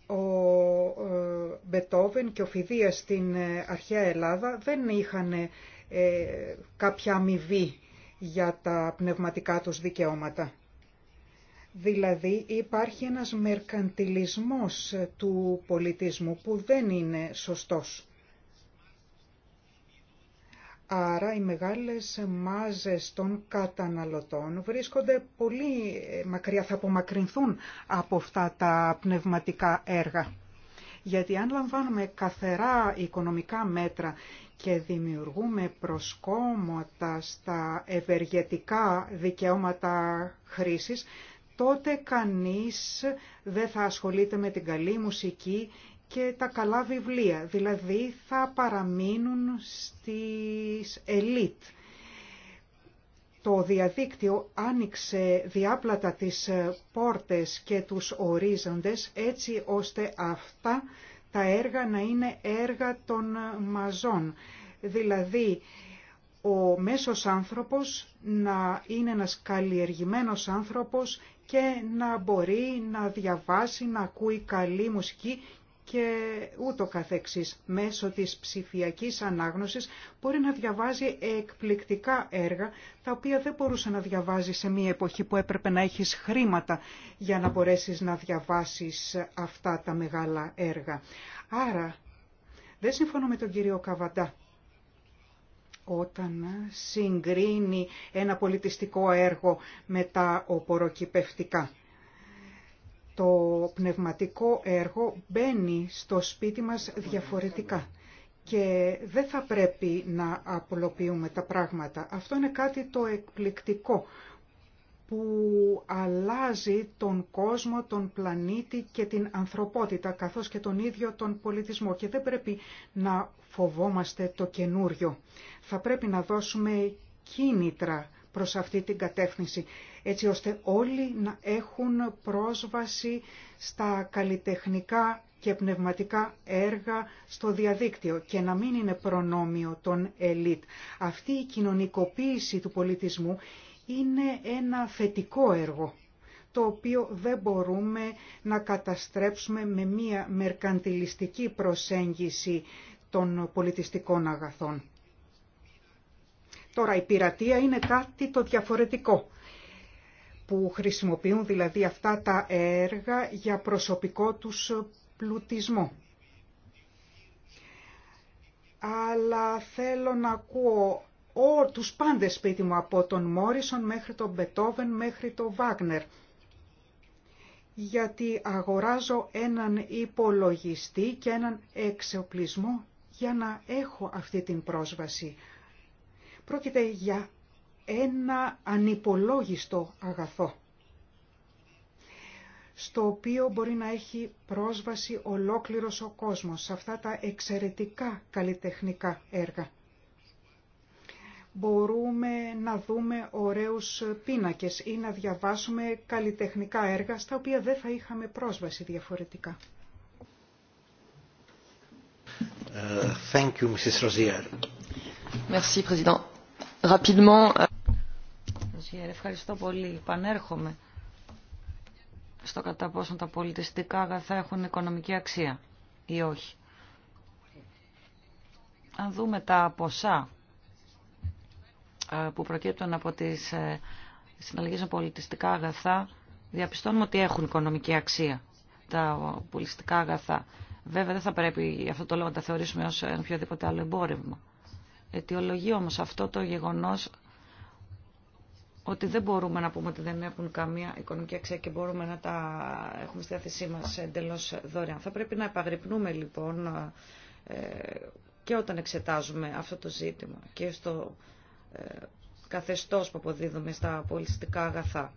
ο ε, Μπετόβεν και ο Φιδίας στην ε, αρχαία Ελλάδα δεν είχαν ε, κάποια αμοιβή για τα πνευματικά τους δικαιώματα. Δηλαδή υπάρχει ένας μερκαντιλισμός του πολιτισμού που δεν είναι σωστός. Άρα οι μεγάλες μάζες των καταναλωτών βρίσκονται πολύ μακριά, θα απομακρυνθούν από αυτά τα πνευματικά έργα. Γιατί αν λαμβάνουμε καθερά οικονομικά μέτρα και δημιουργούμε προσκόμματα στα ευεργετικά δικαιώματα χρήσης, τότε κανείς δεν θα ασχολείται με την καλή μουσική και τα καλά βιβλία, δηλαδή θα παραμείνουν στις ελίτ. Το διαδίκτυο άνοιξε διάπλατα τις πόρτες και τους ορίζοντες έτσι ώστε αυτά τα έργα να είναι έργα των μαζών. Δηλαδή ο μέσος άνθρωπος να είναι ένας καλλιεργημένος άνθρωπος και να μπορεί να διαβάσει, να ακούει καλή μουσική και ούτω καθεξής. Μέσω της ψηφιακής ανάγνωσης μπορεί να διαβάζει εκπληκτικά έργα, τα οποία δεν μπορούσε να διαβάζει σε μια εποχή που έπρεπε να έχεις χρήματα για να μπορέσεις να διαβάσεις αυτά τα μεγάλα έργα. Άρα, δεν συμφωνώ με τον κύριο Καβαντά όταν συγκρίνει ένα πολιτιστικό έργο με τα οποροκυπευτικά. Το πνευματικό έργο μπαίνει στο σπίτι μας διαφορετικά και δεν θα πρέπει να απολοποιούμε τα πράγματα. Αυτό είναι κάτι το εκπληκτικό που αλλάζει τον κόσμο, τον πλανήτη και την ανθρωπότητα, καθώς και τον ίδιο τον πολιτισμό. Και δεν πρέπει να φοβόμαστε το καινούριο. Θα πρέπει να δώσουμε κίνητρα προς αυτή την κατεύθυνση, έτσι ώστε όλοι να έχουν πρόσβαση στα καλλιτεχνικά και πνευματικά έργα στο διαδίκτυο και να μην είναι προνόμιο των ελίτ. Αυτή η κοινωνικοποίηση του πολιτισμού είναι ένα θετικό έργο το οποίο δεν μπορούμε να καταστρέψουμε με μία μερκαντιλιστική προσέγγιση των πολιτιστικών αγαθών. Τώρα η πειρατεία είναι κάτι το διαφορετικό που χρησιμοποιούν δηλαδή αυτά τα έργα για προσωπικό τους πλουτισμό. Αλλά θέλω να ακούω ό, τους πάντες σπίτι μου, από τον Μόρισον μέχρι τον Μπετόβεν μέχρι τον Βάγνερ. Γιατί αγοράζω έναν υπολογιστή και έναν εξοπλισμό για να έχω αυτή την πρόσβαση. Πρόκειται για ένα ανυπολόγιστο αγαθό στο οποίο μπορεί να έχει πρόσβαση ολόκληρος ο κόσμος σε αυτά τα εξαιρετικά καλλιτεχνικά έργα μπορούμε να δούμε ωραίους πίνακες ή να διαβάσουμε καλλιτεχνικά έργα στα οποία δεν θα είχαμε πρόσβαση διαφορετικά. Ε, thank you, Mrs. Merci, euh, ευχαριστώ πολύ. Πανέρχομαι στο κατά πόσο τα πολιτιστικά αγαθά έχουν οικονομική αξία ή όχι. Αν δούμε τα ποσά ε, που προκύπτουν από τις ε, συναλλαγές με πολιτιστικά αγαθά διαπιστώνουμε ότι έχουν οικονομική αξία τα πολιτιστικά αγαθά. Βέβαια δεν θα πρέπει αυτό το λόγο να τα θεωρήσουμε ως ένα οποιοδήποτε άλλο εμπόρευμα. Αιτιολογεί όμως αυτό το γεγονός ότι δεν μπορούμε να πούμε ότι δεν έχουν καμία οικονομική αξία και μπορούμε να τα έχουμε στη διάθεσή μας εντελώς δωρεάν. Θα πρέπει να επαγρυπνούμε λοιπόν ε, και όταν εξετάζουμε αυτό το ζήτημα και στο ε, καθεστώς που αποδίδουμε στα πολιτιστικά αγαθά.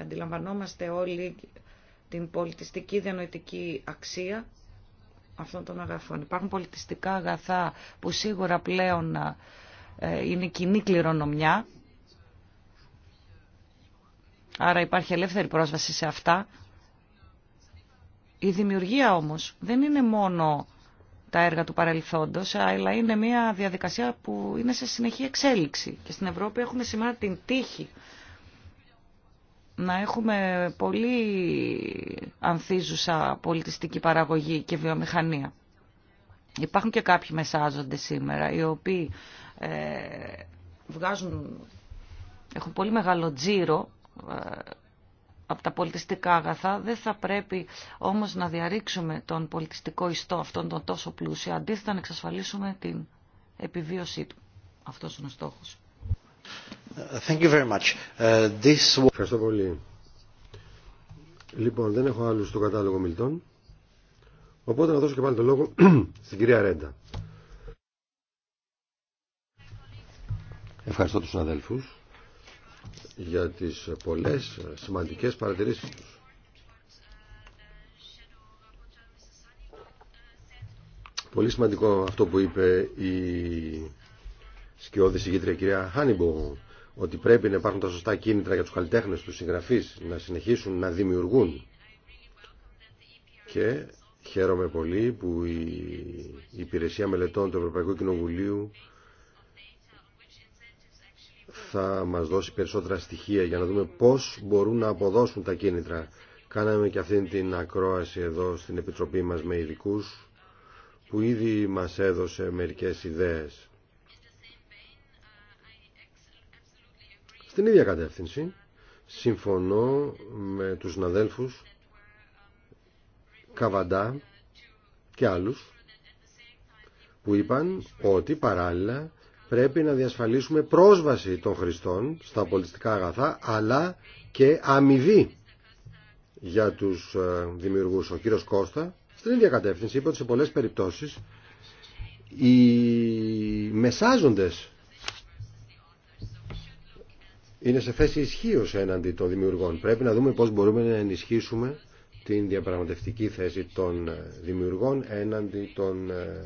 Αντιλαμβανόμαστε όλοι την πολιτιστική διανοητική αξία αυτών των αγαθών. Υπάρχουν πολιτιστικά αγαθά που σίγουρα πλέον ε, είναι κοινή κληρονομιά, άρα υπάρχει ελεύθερη πρόσβαση σε αυτά. Η δημιουργία όμως δεν είναι μόνο τα έργα του παρελθόντος, αλλά είναι μια διαδικασία που είναι σε συνεχή εξέλιξη. Και στην Ευρώπη έχουμε σήμερα την τύχη να έχουμε πολύ ανθίζουσα πολιτιστική παραγωγή και βιομηχανία. Υπάρχουν και κάποιοι μεσάζονται σήμερα, οι οποίοι ε, βγάζουν, έχουν πολύ μεγάλο τζίρο, ε, από τα πολιτιστικά αγαθά, δεν θα πρέπει όμως να διαρρήξουμε τον πολιτιστικό ιστό αυτόν τον τόσο πλούσιο, αντίθετα να εξασφαλίσουμε την επιβίωσή του. Αυτός είναι ο στόχος. Thank you very much. Uh, this... Ευχαριστώ πολύ. Λοιπόν, δεν έχω άλλους στο κατάλογο μιλτών, οπότε να δώσω και πάλι το λόγο στην κυρία Ρέντα. Ευχαριστώ τους αδέλφους για τις πολλές σημαντικές παρατηρήσεις τους. Πολύ σημαντικό αυτό που είπε η σκιώδη συγκήτρια κυρία Χάνιμπο ότι πρέπει να υπάρχουν τα σωστά κίνητρα για τους καλλιτέχνες, τους συγγραφείς να συνεχίσουν να δημιουργούν και χαίρομαι πολύ που η Υπηρεσία Μελετών του Ευρωπαϊκού Κοινοβουλίου θα μας δώσει περισσότερα στοιχεία για να δούμε πώς μπορούν να αποδώσουν τα κίνητρα. Κάναμε και αυτή την ακρόαση εδώ στην Επιτροπή μας με ειδικού που ήδη μας έδωσε μερικές ιδέες. Στην ίδια κατεύθυνση συμφωνώ με τους συναδέλφους Καβαντά και άλλους που είπαν ότι παράλληλα πρέπει να διασφαλίσουμε πρόσβαση των χρηστών στα πολιτιστικά αγαθά αλλά και αμοιβή για τους ε, δημιουργούς. Ο κύριος Κώστα στην ίδια κατεύθυνση είπε ότι σε πολλές περιπτώσεις οι μεσάζοντες είναι σε θέση ισχύω έναντι των δημιουργών. Πρέπει να δούμε πώς μπορούμε να ενισχύσουμε την διαπραγματευτική θέση των ε, δημιουργών έναντι των ε,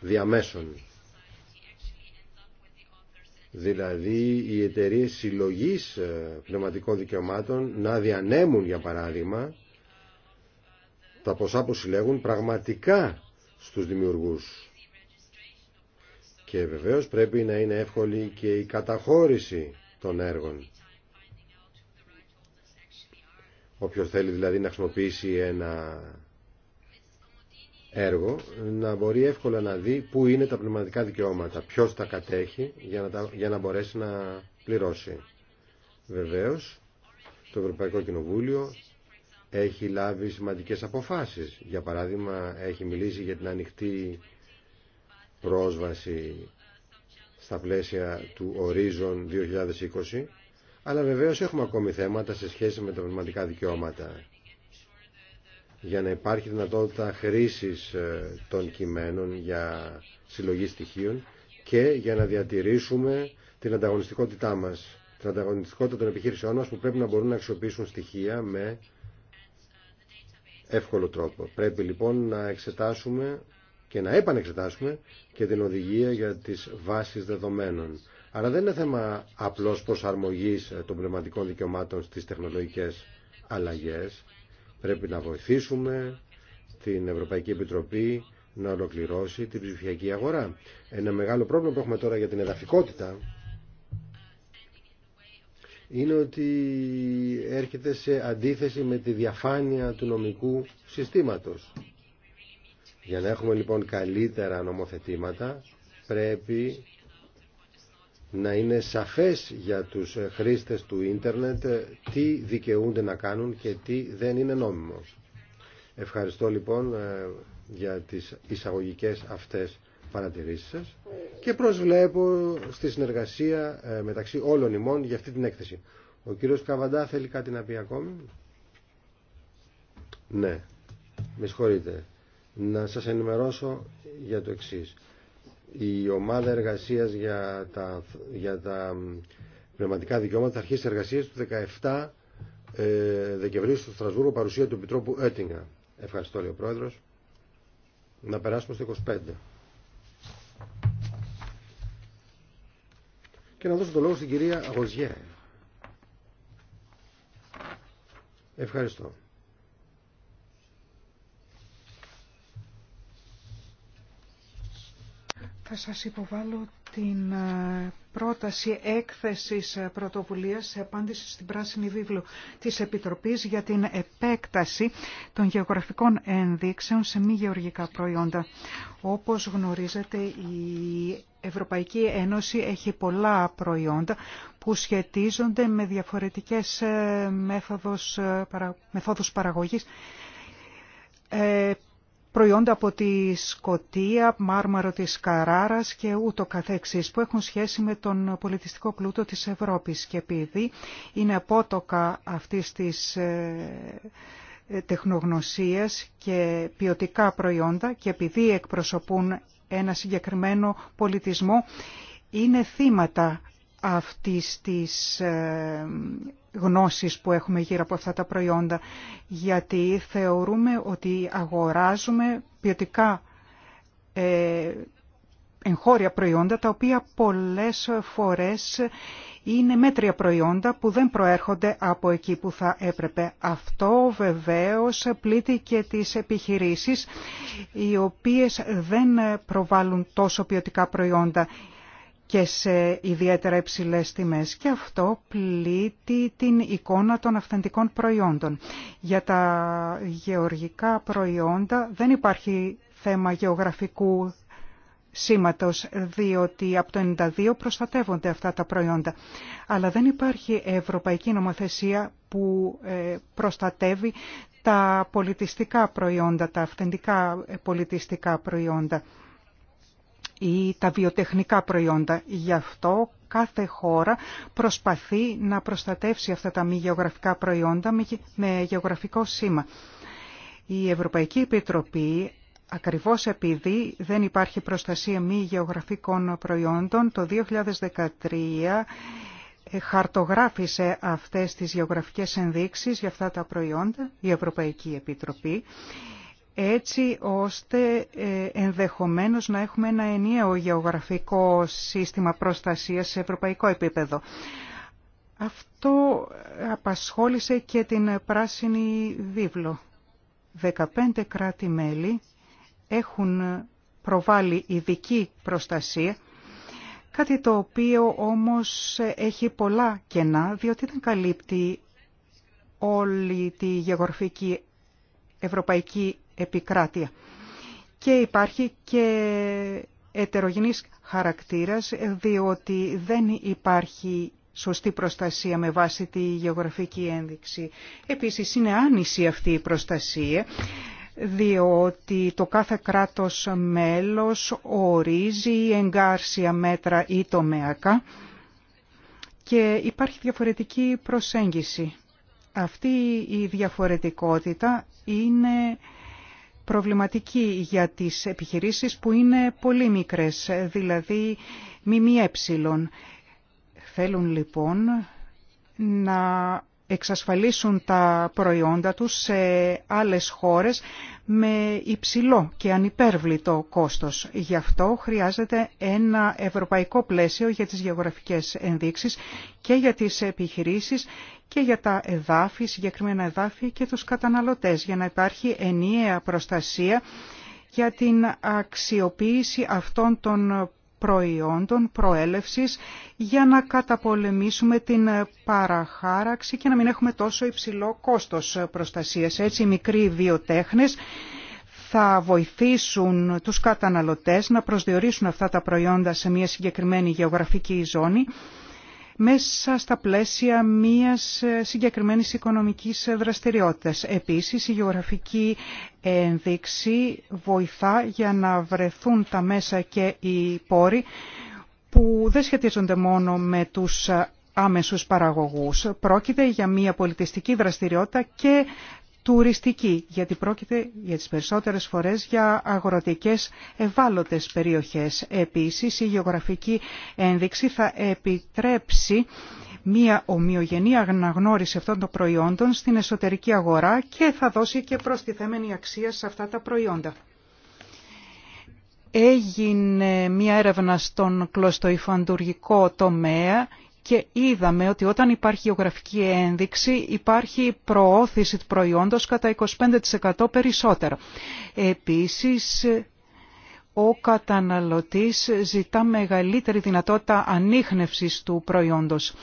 διαμέσων δηλαδή οι εταιρείε συλλογή ε, πνευματικών δικαιωμάτων να διανέμουν για παράδειγμα τα ποσά που συλλέγουν πραγματικά στους δημιουργούς. Και βεβαίως πρέπει να είναι εύκολη και η καταχώρηση των έργων. Όποιος θέλει δηλαδή να χρησιμοποιήσει ένα έργο να μπορεί εύκολα να δει πού είναι τα πνευματικά δικαιώματα, ποιος τα κατέχει για να, τα, για να μπορέσει να πληρώσει. Βεβαίως, το Ευρωπαϊκό Κοινοβούλιο έχει λάβει σημαντικές αποφάσεις. Για παράδειγμα, έχει μιλήσει για την ανοιχτή πρόσβαση στα πλαίσια του Horizon 2020, αλλά βεβαίως έχουμε ακόμη θέματα σε σχέση με τα πνευματικά δικαιώματα για να υπάρχει δυνατότητα χρήσης ε, των κειμένων για συλλογή στοιχείων και για να διατηρήσουμε την ανταγωνιστικότητά μας, την ανταγωνιστικότητα των επιχείρησεών μας που πρέπει να μπορούν να αξιοποιήσουν στοιχεία με εύκολο τρόπο. Πρέπει λοιπόν να εξετάσουμε και να επανεξετάσουμε και την οδηγία για τις βάσεις δεδομένων. Αλλά δεν είναι θέμα απλώς προσαρμογής ε, των πνευματικών δικαιωμάτων στις τεχνολογικές αλλαγές, Πρέπει να βοηθήσουμε την Ευρωπαϊκή Επιτροπή να ολοκληρώσει την ψηφιακή αγορά. Ένα μεγάλο πρόβλημα που έχουμε τώρα για την εδαφικότητα είναι ότι έρχεται σε αντίθεση με τη διαφάνεια του νομικού συστήματος. Για να έχουμε λοιπόν καλύτερα νομοθετήματα πρέπει να είναι σαφές για τους χρήστες του ίντερνετ ε, τι δικαιούνται να κάνουν και τι δεν είναι νόμιμο. Ευχαριστώ λοιπόν ε, για τις εισαγωγικές αυτές παρατηρήσεις σας και προσβλέπω στη συνεργασία ε, μεταξύ όλων ημών για αυτή την έκθεση. Ο κύριος Καβαντά θέλει κάτι να πει ακόμη. Ναι, με συγχωρείτε. Να σας ενημερώσω για το εξής η ομάδα εργασίας για τα, για τα πνευματικά δικαιώματα θα αρχίσει εργασίες του 17 ε, Δεκεμβρίου στο Στρασβούργο παρουσία του Επιτρόπου Έτιγκα. Ευχαριστώ, λέει ο Πρόεδρος. Να περάσουμε στο 25. Και να δώσω το λόγο στην κυρία Αγωζιέ. Ευχαριστώ. θα σας υποβάλω την ε, πρόταση έκθεσης ε, πρωτοβουλίας σε απάντηση στην Πράσινη Βίβλο της Επιτροπής για την επέκταση των γεωγραφικών ενδείξεων σε μη γεωργικά προϊόντα. Όπως γνωρίζετε, η Ευρωπαϊκή Ένωση έχει πολλά προϊόντα που σχετίζονται με διαφορετικές ε, μέθοδους παραγωγής προϊόντα από τη Σκοτία, μάρμαρο της Καράρας και ούτω καθεξής που έχουν σχέση με τον πολιτιστικό πλούτο της Ευρώπης και επειδή είναι απότοκα αυτής της ε, ε, τεχνογνωσίας και ποιοτικά προϊόντα και επειδή εκπροσωπούν ένα συγκεκριμένο πολιτισμό είναι θύματα αυτής της ε, γνώσεις που έχουμε γύρω από αυτά τα προϊόντα, γιατί θεωρούμε ότι αγοράζουμε ποιοτικά ε, εγχώρια προϊόντα, τα οποία πολλές φορές είναι μέτρια προϊόντα που δεν προέρχονται από εκεί που θα έπρεπε. Αυτό βεβαίως πλήττει και τις επιχειρήσεις οι οποίες δεν προβάλλουν τόσο ποιοτικά προϊόντα και σε ιδιαίτερα υψηλές τιμές και αυτό πλήττει την εικόνα των αυθεντικών προϊόντων. Για τα γεωργικά προϊόντα δεν υπάρχει θέμα γεωγραφικού σήματος, διότι από το 1992 προστατεύονται αυτά τα προϊόντα. Αλλά δεν υπάρχει ευρωπαϊκή νομοθεσία που ε, προστατεύει τα πολιτιστικά προϊόντα, τα αυθεντικά πολιτιστικά προϊόντα ή τα βιοτεχνικά προϊόντα. Γι' αυτό κάθε χώρα προσπαθεί να προστατεύσει αυτά τα μη γεωγραφικά προϊόντα με γεωγραφικό σήμα. Η Ευρωπαϊκή Επιτροπή Ακριβώς επειδή δεν υπάρχει προστασία μη γεωγραφικών προϊόντων, το 2013 ε, χαρτογράφησε αυτές τις γεωγραφικές ενδείξεις για αυτά τα προϊόντα η Ευρωπαϊκή Επιτροπή έτσι ώστε ε, ενδεχομένως να έχουμε ένα ενιαίο γεωγραφικό σύστημα προστασίας σε ευρωπαϊκό επίπεδο. Αυτό απασχόλησε και την πράσινη βίβλο. 15 κράτη-μέλη έχουν προβάλλει ειδική προστασία, κάτι το οποίο όμως έχει πολλά κενά, διότι δεν καλύπτει όλη τη γεωγραφική Ευρωπαϊκή επικράτεια. Και υπάρχει και ετερογενής χαρακτήρας, διότι δεν υπάρχει σωστή προστασία με βάση τη γεωγραφική ένδειξη. Επίσης είναι άνηση αυτή η προστασία, διότι το κάθε κράτος μέλος ορίζει εγκάρσια μέτρα ή τομέακα και υπάρχει διαφορετική προσέγγιση. Αυτή η διαφορετικότητα είναι προβληματική για τις επιχειρήσεις που είναι πολύ μικρές, δηλαδή μιμιέψιλον. Ε. Θέλουν λοιπόν να εξασφαλίσουν τα προϊόντα τους σε άλλες χώρες με υψηλό και ανυπέρβλητο κόστος. Γι' αυτό χρειάζεται ένα ευρωπαϊκό πλαίσιο για τις γεωγραφικές ενδείξεις και για τις επιχειρήσεις και για τα εδάφη, συγκεκριμένα εδάφη και τους καταναλωτές για να υπάρχει ενιαία προστασία για την αξιοποίηση αυτών των προϊόντων προέλευσης για να καταπολεμήσουμε την παραχάραξη και να μην έχουμε τόσο υψηλό κόστος προστασίας. Έτσι οι μικροί βιοτέχνες θα βοηθήσουν τους καταναλωτές να προσδιορίσουν αυτά τα προϊόντα σε μια συγκεκριμένη γεωγραφική ζώνη μέσα στα πλαίσια μίας ε, συγκεκριμένης οικονομικής δραστηριότητας. Επίσης, η γεωγραφική ένδειξη βοηθά για να βρεθούν τα μέσα και οι πόροι που δεν σχετίζονται μόνο με τους ε, άμεσους παραγωγούς. Πρόκειται για μια πολιτιστική δραστηριότητα και τουριστική, γιατί πρόκειται για τις περισσότερες φορές για αγροτικές ευάλωτες περιοχές. Επίσης, η γεωγραφική ένδειξη θα επιτρέψει μία ομοιογενή αναγνώριση αυτών των προϊόντων στην εσωτερική αγορά και θα δώσει και προστιθέμενη αξία σε αυτά τα προϊόντα. Έγινε μία έρευνα στον κλωστοϊφαντουργικό τομέα και είδαμε ότι όταν υπάρχει γεωγραφική ένδειξη υπάρχει προώθηση του προϊόντος κατά 25% περισσότερο. Επίσης, ο καταναλωτής ζητά μεγαλύτερη δυνατότητα ανείχνευσης του προϊόντος.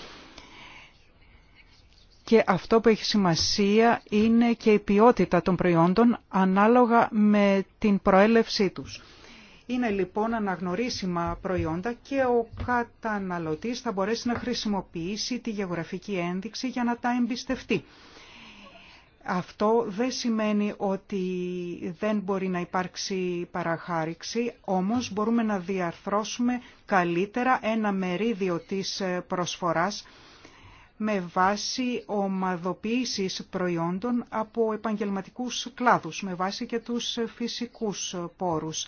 Και αυτό που έχει σημασία είναι και η ποιότητα των προϊόντων ανάλογα με την προέλευσή τους. Είναι λοιπόν αναγνωρίσιμα προϊόντα και ο καταναλωτής θα μπορέσει να χρησιμοποιήσει τη γεωγραφική ένδειξη για να τα εμπιστευτεί. Αυτό δεν σημαίνει ότι δεν μπορεί να υπάρξει παραχάριξη, όμως μπορούμε να διαρθρώσουμε καλύτερα ένα μερίδιο της προσφοράς με βάση ομαδοποίησης προϊόντων από επαγγελματικούς κλάδους, με βάση και τους φυσικούς πόρους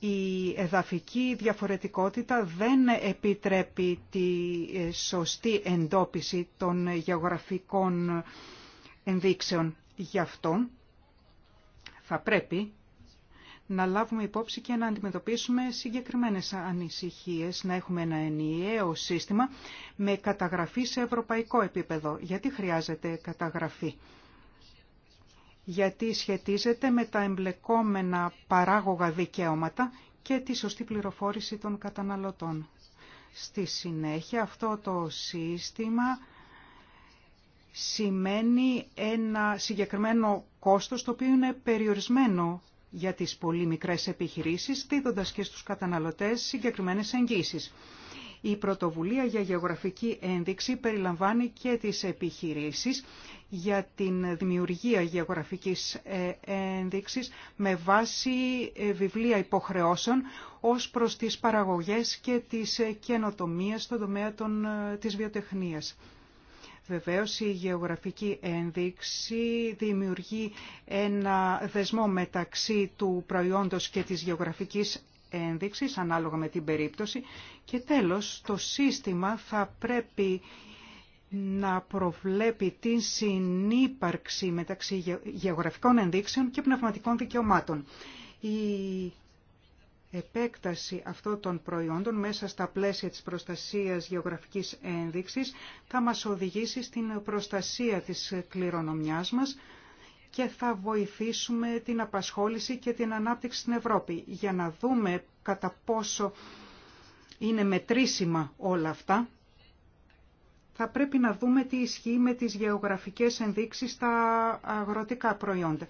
η εδαφική διαφορετικότητα δεν επιτρέπει τη ε, σωστή εντόπιση των γεωγραφικών ενδείξεων. Γι' αυτό θα πρέπει να λάβουμε υπόψη και να αντιμετωπίσουμε συγκεκριμένες ανησυχίες, να έχουμε ένα ενιαίο σύστημα με καταγραφή σε ευρωπαϊκό επίπεδο. Γιατί χρειάζεται καταγραφή γιατί σχετίζεται με τα εμπλεκόμενα παράγωγα δικαιώματα και τη σωστή πληροφόρηση των καταναλωτών. Στη συνέχεια αυτό το σύστημα σημαίνει ένα συγκεκριμένο κόστος το οποίο είναι περιορισμένο για τις πολύ μικρές επιχειρήσεις, δίδοντας και στους καταναλωτές συγκεκριμένες εγγύσεις. Η πρωτοβουλία για γεωγραφική ένδειξη περιλαμβάνει και τις επιχειρήσεις για την δημιουργία γεωγραφικής ε, ένδειξης με βάση ε, βιβλία υποχρεώσεων ως προς τις παραγωγές και τις ε, καινοτομίες στον τομέα των, της βιοτεχνίας. Βεβαίως η γεωγραφική ένδειξη δημιουργεί ένα δεσμό μεταξύ του προϊόντος και της γεωγραφικής ένδειξης ανάλογα με την περίπτωση και τέλος το σύστημα θα πρέπει να προβλέπει την συνύπαρξη μεταξύ γεωγραφικών ενδείξεων και πνευματικών δικαιωμάτων. Η επέκταση αυτών των προϊόντων μέσα στα πλαίσια της προστασίας γεωγραφικής ένδειξης θα μας οδηγήσει στην προστασία της κληρονομιάς μας και θα βοηθήσουμε την απασχόληση και την ανάπτυξη στην Ευρώπη για να δούμε κατά πόσο είναι μετρήσιμα όλα αυτά. Θα πρέπει να δούμε τι ισχύει με τις γεωγραφικές ενδείξεις στα αγροτικά προϊόντα.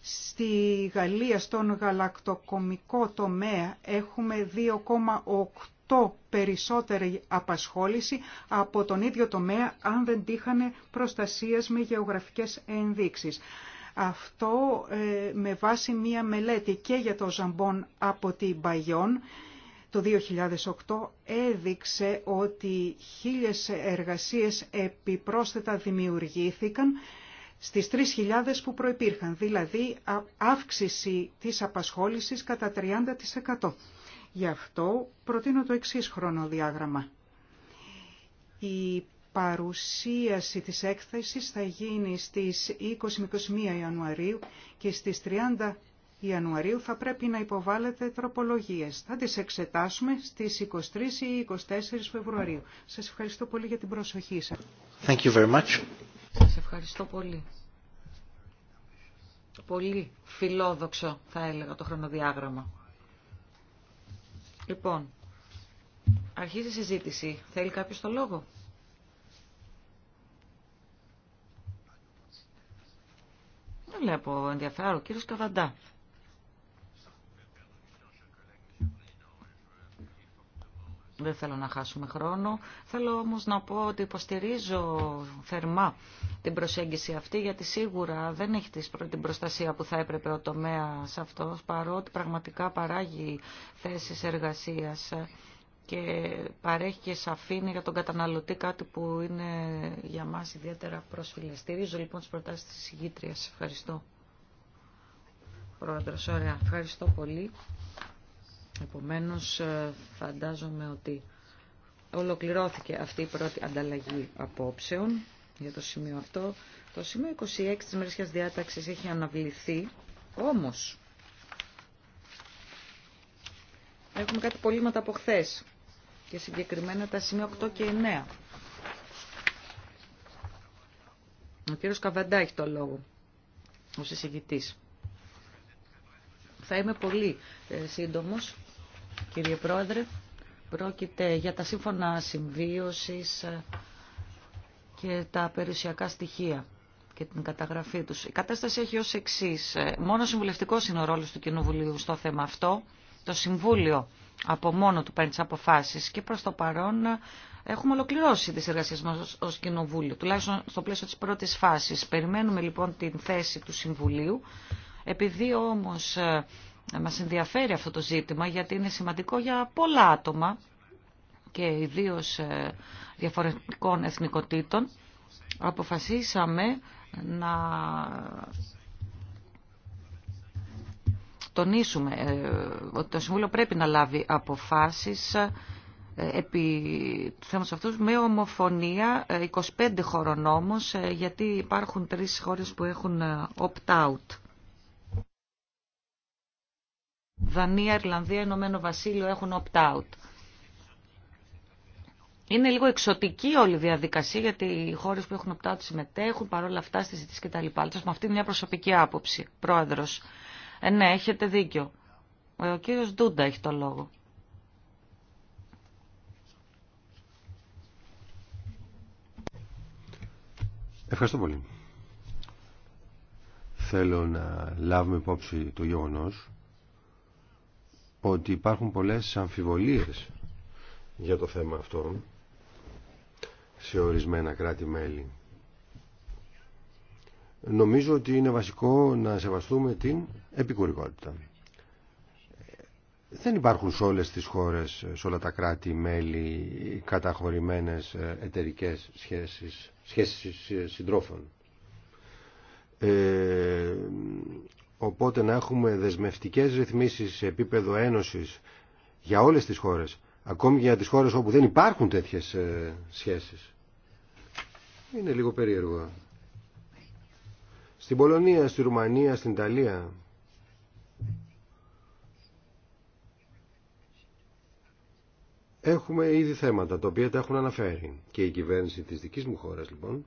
Στη Γαλλία, στον γαλακτοκομικό τομέα, έχουμε 2,8 το περισσότερη απασχόληση από τον ίδιο τομέα αν δεν τύχανε προστασίες με γεωγραφικές ενδείξεις. Αυτό ε, με βάση μία μελέτη και για το Ζαμπόν από την Μπαγιόν το 2008 έδειξε ότι χίλιες εργασίες επιπρόσθετα δημιουργήθηκαν στις 3.000 που προϋπήρχαν, δηλαδή αύξηση της απασχόλησης κατά 30%. Γι' αυτό προτείνω το εξής χρονοδιάγραμμα. Η παρουσίαση της έκθεσης θα γίνει στις 20-21 Ιανουαρίου και στις 30 Ιανουαρίου θα πρέπει να υποβάλλετε τροπολογίες. Θα τις εξετάσουμε στις 23 ή 24 Φεβρουαρίου. Σας ευχαριστώ πολύ για την προσοχή σας. Thank you very much. Σας ευχαριστώ πολύ. Πολύ φιλόδοξο θα έλεγα το χρονοδιάγραμμα. Λοιπόν, αρχίζει η συζήτηση. Θέλει κάποιος το λόγο. Δεν βλέπω ενδιαφέρον. Κύριος Καβαντά. Δεν θέλω να χάσουμε χρόνο. Θέλω όμως να πω ότι υποστηρίζω θερμά την προσέγγιση αυτή, γιατί σίγουρα δεν έχει την προστασία που θα έπρεπε ο τομέας αυτός, παρότι πραγματικά παράγει θέσεις εργασίας και παρέχει και σαφήνει για τον καταναλωτή κάτι που είναι για μας ιδιαίτερα πρόσφυλες. Στηρίζω λοιπόν τις προτάσεις της συγκήτριας. Ευχαριστώ. Πρόεδρος, ωραία. Ευχαριστώ πολύ. Επομένως ε, φαντάζομαι ότι ολοκληρώθηκε αυτή η πρώτη ανταλλαγή απόψεων για το σημείο αυτό. Το σημείο 26 της Μερίσιας Διάταξης έχει αναβληθεί, όμως έχουμε κάτι πολύματα από χθε και συγκεκριμένα τα σημεία 8 και 9. Ο κύριος Καβαντά έχει το λόγο ως εισηγητής. Θα είμαι πολύ ε, σύντομος κύριε Πρόεδρε. Πρόκειται για τα σύμφωνα συμβίωσης και τα περιουσιακά στοιχεία και την καταγραφή τους. Η κατάσταση έχει ως εξής. Μόνο συμβουλευτικό είναι ο ρόλος του Κοινοβουλίου στο θέμα αυτό. Το Συμβούλιο από μόνο του παίρνει τι αποφάσεις και προς το παρόν έχουμε ολοκληρώσει τις εργασίες μας ως Κοινοβούλιο, τουλάχιστον στο πλαίσιο της πρώτης φάσης. Περιμένουμε λοιπόν την θέση του Συμβουλίου. Επειδή όμως ε, να μας ενδιαφέρει αυτό το ζήτημα γιατί είναι σημαντικό για πολλά άτομα και ιδίως ε, διαφορετικών εθνικοτήτων. Αποφασίσαμε να τονίσουμε ε, ότι το Συμβούλιο πρέπει να λάβει αποφάσεις ε, επί του θέματος αυτούς με ομοφωνία 25 χωρών όμως γιατί υπάρχουν τρεις χώρες που έχουν opt-out. Δανία, Ιρλανδία, Ηνωμένο Βασίλειο έχουν opt-out. Είναι λίγο εξωτική όλη η διαδικασία γιατί οι χώρε που έχουν opt-out συμμετέχουν παρόλα αυτά στη ζητήσει κτλ. Λοιπόν, αυτή είναι μια προσωπική άποψη. Πρόεδρο. Ε, ναι, έχετε δίκιο. Ε, ο κύριο Ντούντα έχει το λόγο. Ευχαριστώ πολύ. Θέλω να λάβουμε υπόψη το γεγονός ότι υπάρχουν πολλές αμφιβολίες για το θέμα αυτό σε ορισμένα κράτη-μέλη. Νομίζω ότι είναι βασικό να σεβαστούμε την επικουρικότητα. Δεν υπάρχουν σε όλες τις χώρες, σε όλα τα κράτη-μέλη, καταχωρημένες ε, εταιρικές σχέσεις, σχέσεις ε, συντρόφων. Ε, Οπότε να έχουμε δεσμευτικές ρυθμίσεις σε επίπεδο ένωσης για όλες τις χώρες, ακόμη και για τις χώρες όπου δεν υπάρχουν τέτοιες ε, σχέσεις. Είναι λίγο περίεργο. Στην Πολωνία, στη Ρουμανία, στην Ιταλία. Έχουμε ήδη θέματα τα οποία τα έχουν αναφέρει και η κυβέρνηση της δικής μου χώρας λοιπόν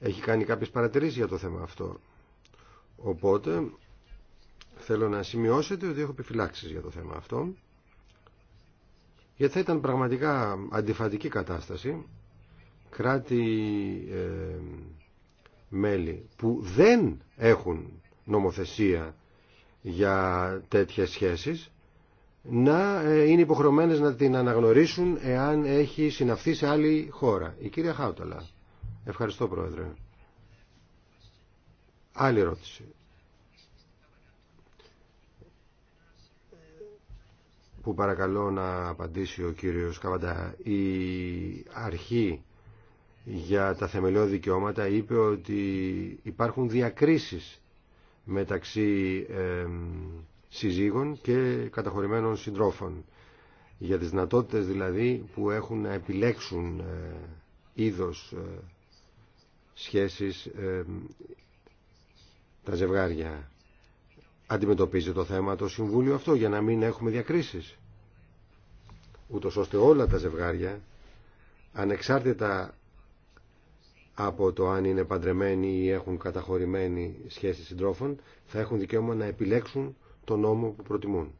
έχει κάνει κάποιες παρατηρήσεις για το θέμα αυτό. Οπότε θέλω να σημειώσετε ότι έχω επιφυλάξει για το θέμα αυτό. Γιατί θα ήταν πραγματικά αντιφατική κατάσταση κράτη ε, μέλη που δεν έχουν νομοθεσία για τέτοιες σχέσεις να ε, είναι υποχρεωμένες να την αναγνωρίσουν εάν έχει συναυθεί σε άλλη χώρα. Η κυρία Χάουταλα. Ευχαριστώ Πρόεδρε. Άλλη ερώτηση. Που παρακαλώ να απαντήσει ο κύριος Καβαντά. Η αρχή για τα θεμελιώδη δικαιώματα είπε ότι υπάρχουν διακρίσεις μεταξύ συζύγων και καταχωρημένων συντρόφων. Για τις δυνατότητες δηλαδή που έχουν να επιλέξουν ε, είδος ε, σχέσεις τα ζευγάρια. Αντιμετωπίζει το θέμα το Συμβούλιο αυτό για να μην έχουμε διακρίσεις. Ούτως ώστε όλα τα ζευγάρια, ανεξάρτητα από το αν είναι παντρεμένοι ή έχουν καταχωρημένη σχέση συντρόφων, θα έχουν δικαίωμα να επιλέξουν τον νόμο που προτιμούν.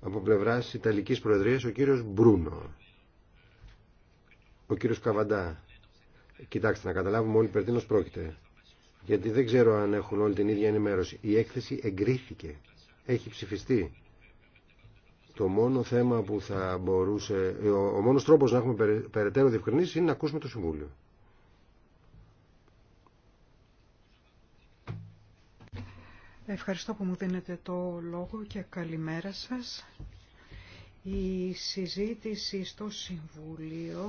Από πλευράς Ιταλικής Προεδρίας ο κύριος Μπρούνο. Ο κύριος Καβαντά, κοιτάξτε να καταλάβουμε όλοι περί τίνος πρόκειται. Γιατί δεν ξέρω αν έχουν όλη την ίδια ενημέρωση. Η έκθεση εγκρίθηκε. Έχει ψηφιστεί. Το μόνο θέμα που θα μπορούσε... Ο, ο μόνος τρόπος να έχουμε περαιτέρω διευκρινήσεις είναι να ακούσουμε το Συμβούλιο. Ευχαριστώ που μου δίνετε το λόγο και καλημέρα σας. Η συζήτηση στο Συμβούλιο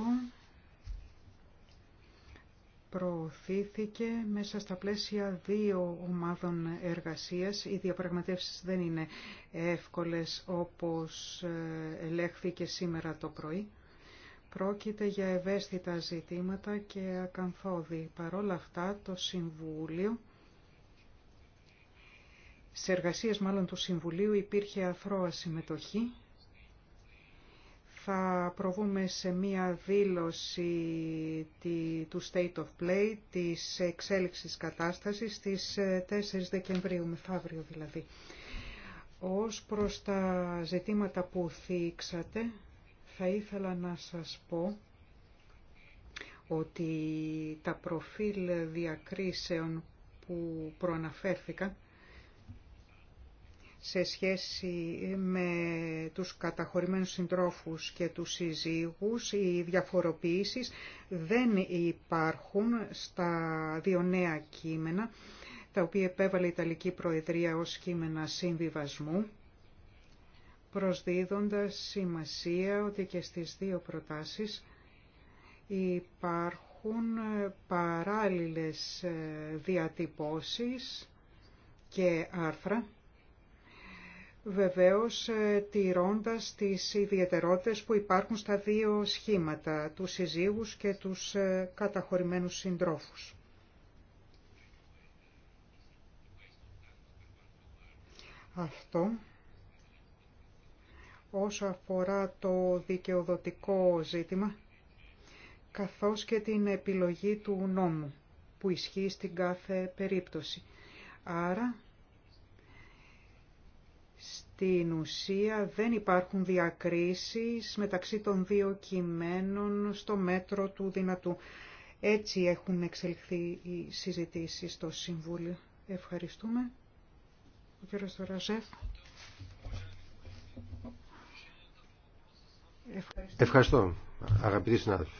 προωθήθηκε μέσα στα πλαίσια δύο ομάδων εργασίας. Οι διαπραγματεύσεις δεν είναι εύκολες όπως ε, ελέγχθηκε σήμερα το πρωί. Πρόκειται για ευαίσθητα ζητήματα και ακαθόδη. Παρ' αυτά το Συμβούλιο, σε εργασίες μάλλον του Συμβουλίου υπήρχε αθρώα συμμετοχή θα προβούμε σε μία δήλωση του State of Play, της εξέλιξης κατάστασης, στις 4 ε, Δεκεμβρίου, μεθαύριο δηλαδή. Ως προς τα ζητήματα που θίξατε, θα ήθελα να σας πω ότι τα προφίλ διακρίσεων που προαναφέρθηκαν σε σχέση με τους καταχωρημένους συντρόφους και τους συζύγους, οι διαφοροποιήσεις δεν υπάρχουν στα δύο νέα κείμενα, τα οποία επέβαλε η Ιταλική Προεδρία ως κείμενα συμβιβασμού, προσδίδοντας σημασία ότι και στις δύο προτάσεις υπάρχουν παράλληλες διατυπώσεις και άρθρα βεβαίως ε, τηρώντας τις ιδιαιτερότητες που υπάρχουν στα δύο σχήματα, του συζύγους και τους ε, καταχωρημένους συντρόφους. Αυτό όσο αφορά το δικαιοδοτικό ζήτημα, καθώς και την επιλογή του νόμου που ισχύει στην κάθε περίπτωση. Άρα την ουσία δεν υπάρχουν διακρίσεις μεταξύ των δύο κειμένων στο μέτρο του δυνατού. Έτσι έχουν εξελιχθεί οι συζητήσεις στο Συμβούλιο. Ευχαριστούμε. Ο κύριος Ευχαριστώ, αγαπητοί συνάδελφοι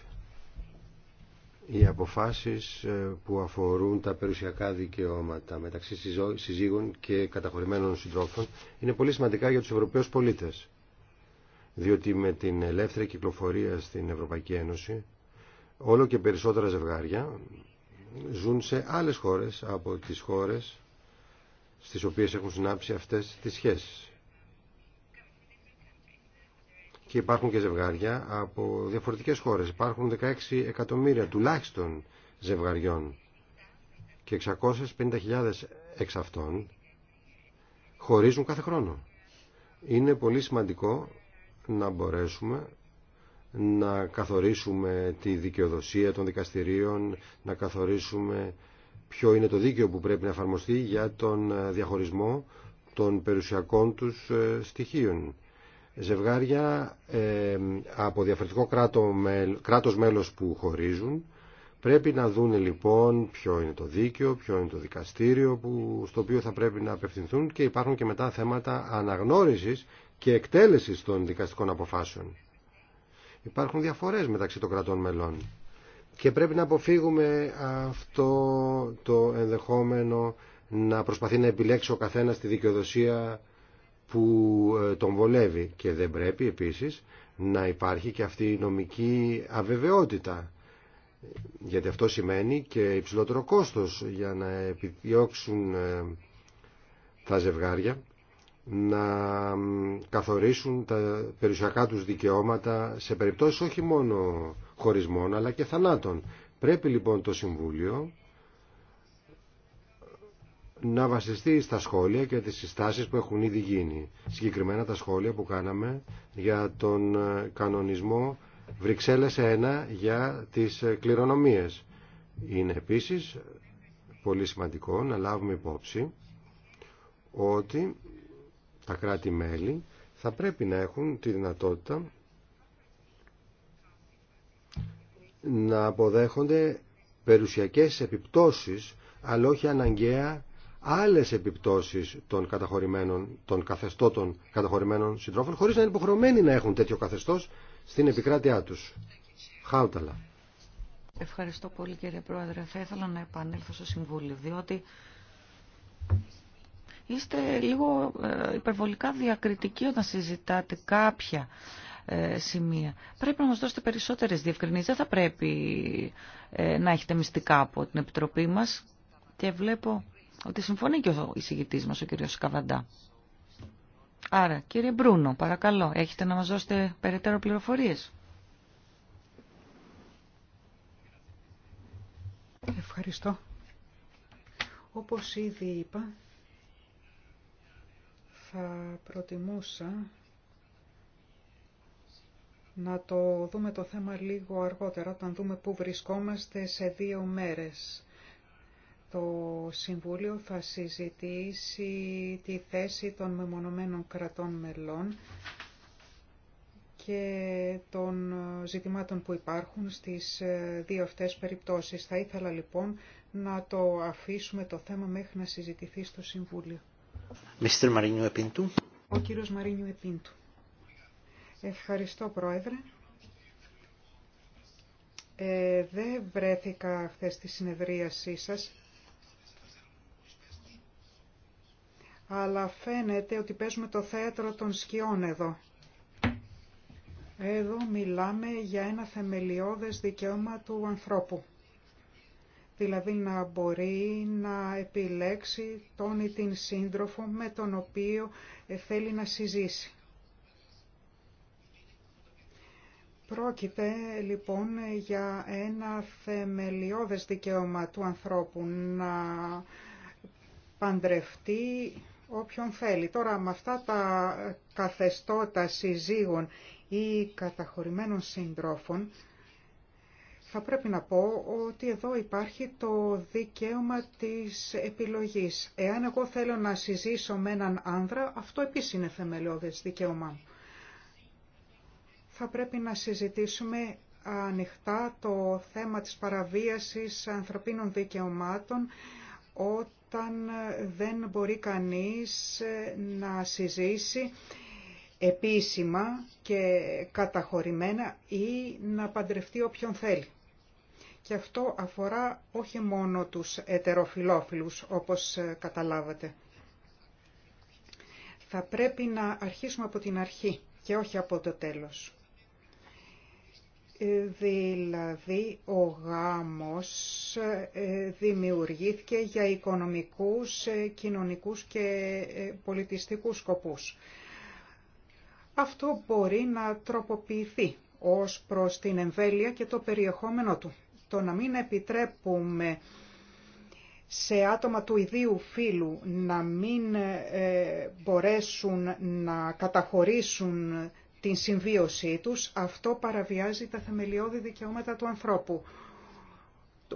οι αποφάσεις ε, που αφορούν τα περιουσιακά δικαιώματα μεταξύ συζύγων και καταχωρημένων συντρόφων είναι πολύ σημαντικά για τους Ευρωπαίους πολίτες. Διότι με την ελεύθερη κυκλοφορία στην Ευρωπαϊκή Ένωση όλο και περισσότερα ζευγάρια ζουν σε άλλες χώρες από τις χώρες στις οποίες έχουν συνάψει αυτές τις σχέσεις και υπάρχουν και ζευγάρια από διαφορετικές χώρες. Υπάρχουν 16 εκατομμύρια τουλάχιστον ζευγαριών και 650.000 εξ αυτών χωρίζουν κάθε χρόνο. Είναι πολύ σημαντικό να μπορέσουμε να καθορίσουμε τη δικαιοδοσία των δικαστηρίων, να καθορίσουμε ποιο είναι το δίκαιο που πρέπει να εφαρμοστεί για τον διαχωρισμό των περιουσιακών τους ε, στοιχείων ζευγάρια ε, από διαφορετικό κράτος μέλος που χωρίζουν. Πρέπει να δουν λοιπόν ποιο είναι το δίκαιο, ποιο είναι το δικαστήριο που, στο οποίο θα πρέπει να απευθυνθούν και υπάρχουν και μετά θέματα αναγνώρισης και εκτέλεσης των δικαστικών αποφάσεων. Υπάρχουν διαφορές μεταξύ των κρατών μελών και πρέπει να αποφύγουμε αυτό το ενδεχόμενο να προσπαθεί να επιλέξει ο καθένας τη δικαιοδοσία που ε, τον βολεύει και δεν πρέπει επίσης να υπάρχει και αυτή η νομική αβεβαιότητα γιατί αυτό σημαίνει και υψηλότερο κόστος για να επιδιώξουν ε, τα ζευγάρια να καθορίσουν τα περιουσιακά τους δικαιώματα σε περιπτώσεις όχι μόνο χωρισμών αλλά και θανάτων. Πρέπει λοιπόν το Συμβούλιο να βασιστεί στα σχόλια και τις συστάσεις που έχουν ήδη γίνει. Συγκεκριμένα τα σχόλια που κάναμε για τον ε, κανονισμό Βρυξέλλες 1 για τις ε, κληρονομίες. Είναι επίσης πολύ σημαντικό να λάβουμε υπόψη ότι τα κράτη-μέλη θα πρέπει να έχουν τη δυνατότητα να αποδέχονται περιουσιακές επιπτώσεις αλλά όχι αναγκαία άλλες επιπτώσεις των καταχωρημένων, των καθεστώτων καταχωρημένων συντρόφων, χωρίς να είναι υποχρεωμένοι να έχουν τέτοιο καθεστώς στην επικράτειά τους. Χάουταλα. Ευχαριστώ πολύ κύριε Πρόεδρε. Θα ήθελα να επανέλθω στο Συμβούλιο, διότι είστε λίγο ε, υπερβολικά διακριτικοί όταν συζητάτε κάποια ε, σημεία. Πρέπει να μας δώσετε περισσότερες διευκρινήσεις. Δεν θα πρέπει ε, να έχετε μυστικά από την Επιτροπή μας. Και βλέπω ότι συμφωνεί και ο εισηγητή μα ο κύριος Καβαντά. Άρα, κύριε Μπρούνο, παρακαλώ, έχετε να μας δώσετε περαιτέρω πληροφορίε. Ευχαριστώ. Όπως ήδη είπα, θα προτιμούσα να το δούμε το θέμα λίγο αργότερα, όταν δούμε πού βρισκόμαστε σε δύο μέρες. Το Συμβούλιο θα συζητήσει τη θέση των μεμονωμένων κρατών μελών και των ζητημάτων που υπάρχουν στις ε, δύο αυτές περιπτώσεις. Θα ήθελα λοιπόν να το αφήσουμε το θέμα μέχρι να συζητηθεί στο Συμβούλιο. Ο κύριος Μαρίνιου Επίντου. Ευχαριστώ Πρόεδρε. Ε, δεν βρέθηκα χθε στη συνεδρίασή σας αλλά φαίνεται ότι παίζουμε το θέατρο των σκιών εδώ. Εδώ μιλάμε για ένα θεμελιώδες δικαίωμα του ανθρώπου. Δηλαδή να μπορεί να επιλέξει τον ή την σύντροφο με τον οποίο θέλει να συζήσει. Πρόκειται λοιπόν για ένα θεμελιώδες δικαίωμα του ανθρώπου να παντρευτεί όποιον θέλει. Τώρα με αυτά τα καθεστώτα συζύγων ή καταχωρημένων συντρόφων, θα πρέπει να πω ότι εδώ υπάρχει το δικαίωμα της επιλογής. Εάν εγώ θέλω να συζήσω με έναν άνδρα, αυτό επίσης είναι θεμελιώδες δικαίωμά Θα πρέπει να συζητήσουμε ανοιχτά το θέμα της παραβίασης ανθρωπίνων δικαιωμάτων όταν ε, δεν μπορεί κανείς ε, να συζήσει επίσημα και καταχωρημένα ή να παντρευτεί όποιον θέλει. Και αυτό αφορά όχι μόνο τους ετεροφιλόφιλους, όπως ε, καταλάβατε. Θα πρέπει να αρχίσουμε από την αρχή και όχι από το τέλος. Ε, δηλαδή ο γάμος ε, δημιουργήθηκε για οικονομικούς, ε, κοινωνικούς και πολιτιστικούς σκοπούς. Αυτό μπορεί να τροποποιηθεί ως προς την εμβέλεια και το περιεχόμενό του. Το να μην επιτρέπουμε σε άτομα του ιδίου φύλου να μην μπορέσουν να καταχωρήσουν την συμβίωσή τους, αυτό παραβιάζει τα θεμελιώδη δικαιώματα του ανθρώπου.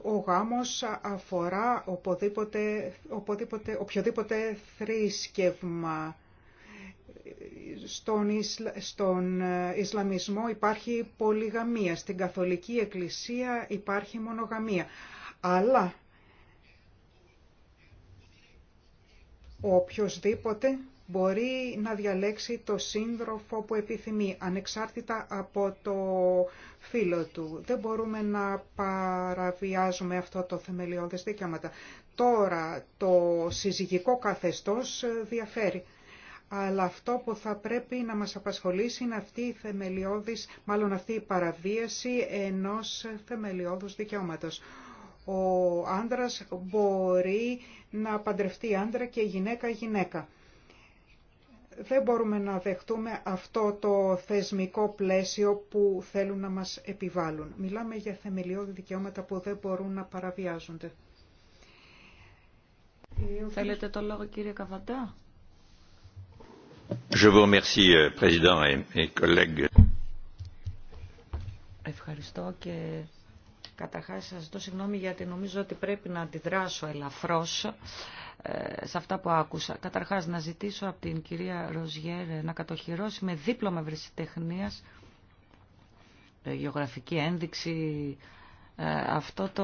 Ο γάμος αφορά οποδήποτε, οποδήποτε, οποιοδήποτε θρήσκευμα. Στον, ε, Ισλαμισμό υπάρχει πολυγαμία, στην Καθολική Εκκλησία υπάρχει μονογαμία. Αλλά οποιοδήποτε μπορεί να διαλέξει το σύντροφο που επιθυμεί, ανεξάρτητα από το φίλο του. Δεν μπορούμε να παραβιάζουμε αυτό το θεμελιώδες δικαιώματα. Τώρα το συζυγικό καθεστώς διαφέρει. Αλλά αυτό που θα πρέπει να μας απασχολήσει είναι αυτή η θεμελιώδης, μάλλον αυτή η παραβίαση ενός θεμελιώδους δικαιώματος. Ο άντρας μπορεί να παντρευτεί άντρα και γυναίκα γυναίκα δεν μπορούμε να δεχτούμε αυτό το θεσμικό πλαίσιο που θέλουν να μας επιβάλλουν. Μιλάμε για θεμελιώδη δικαιώματα που δεν μπορούν να παραβιάζονται. Ε, Θέλετε το λόγο κύριε Καβαντά. Je vous remercie, euh, Président et Ευχαριστώ και καταρχάς σας ζητώ συγγνώμη γιατί νομίζω ότι πρέπει να αντιδράσω ελαφρώς ε, σε αυτά που άκουσα. Καταρχάς να ζητήσω από την κυρία Ροζιέρε να κατοχυρώσει με δίπλωμα βρεσιτεχνίας ε, γεωγραφική ένδειξη ε, αυτό το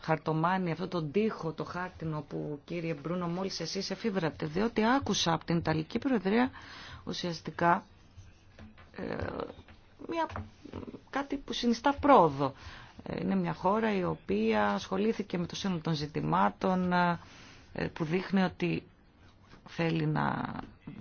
χαρτομάνι, αυτό το τοίχο, το χάρτινο που κύριε Μπρούνο μόλις εσείς εφήβρατε, διότι άκουσα από την Ιταλική Προεδρία ουσιαστικά μια, κάτι που συνιστά πρόοδο. Είναι μια χώρα η οποία ασχολήθηκε με το σύνολο των ζητημάτων ε, που δείχνει ότι θέλει να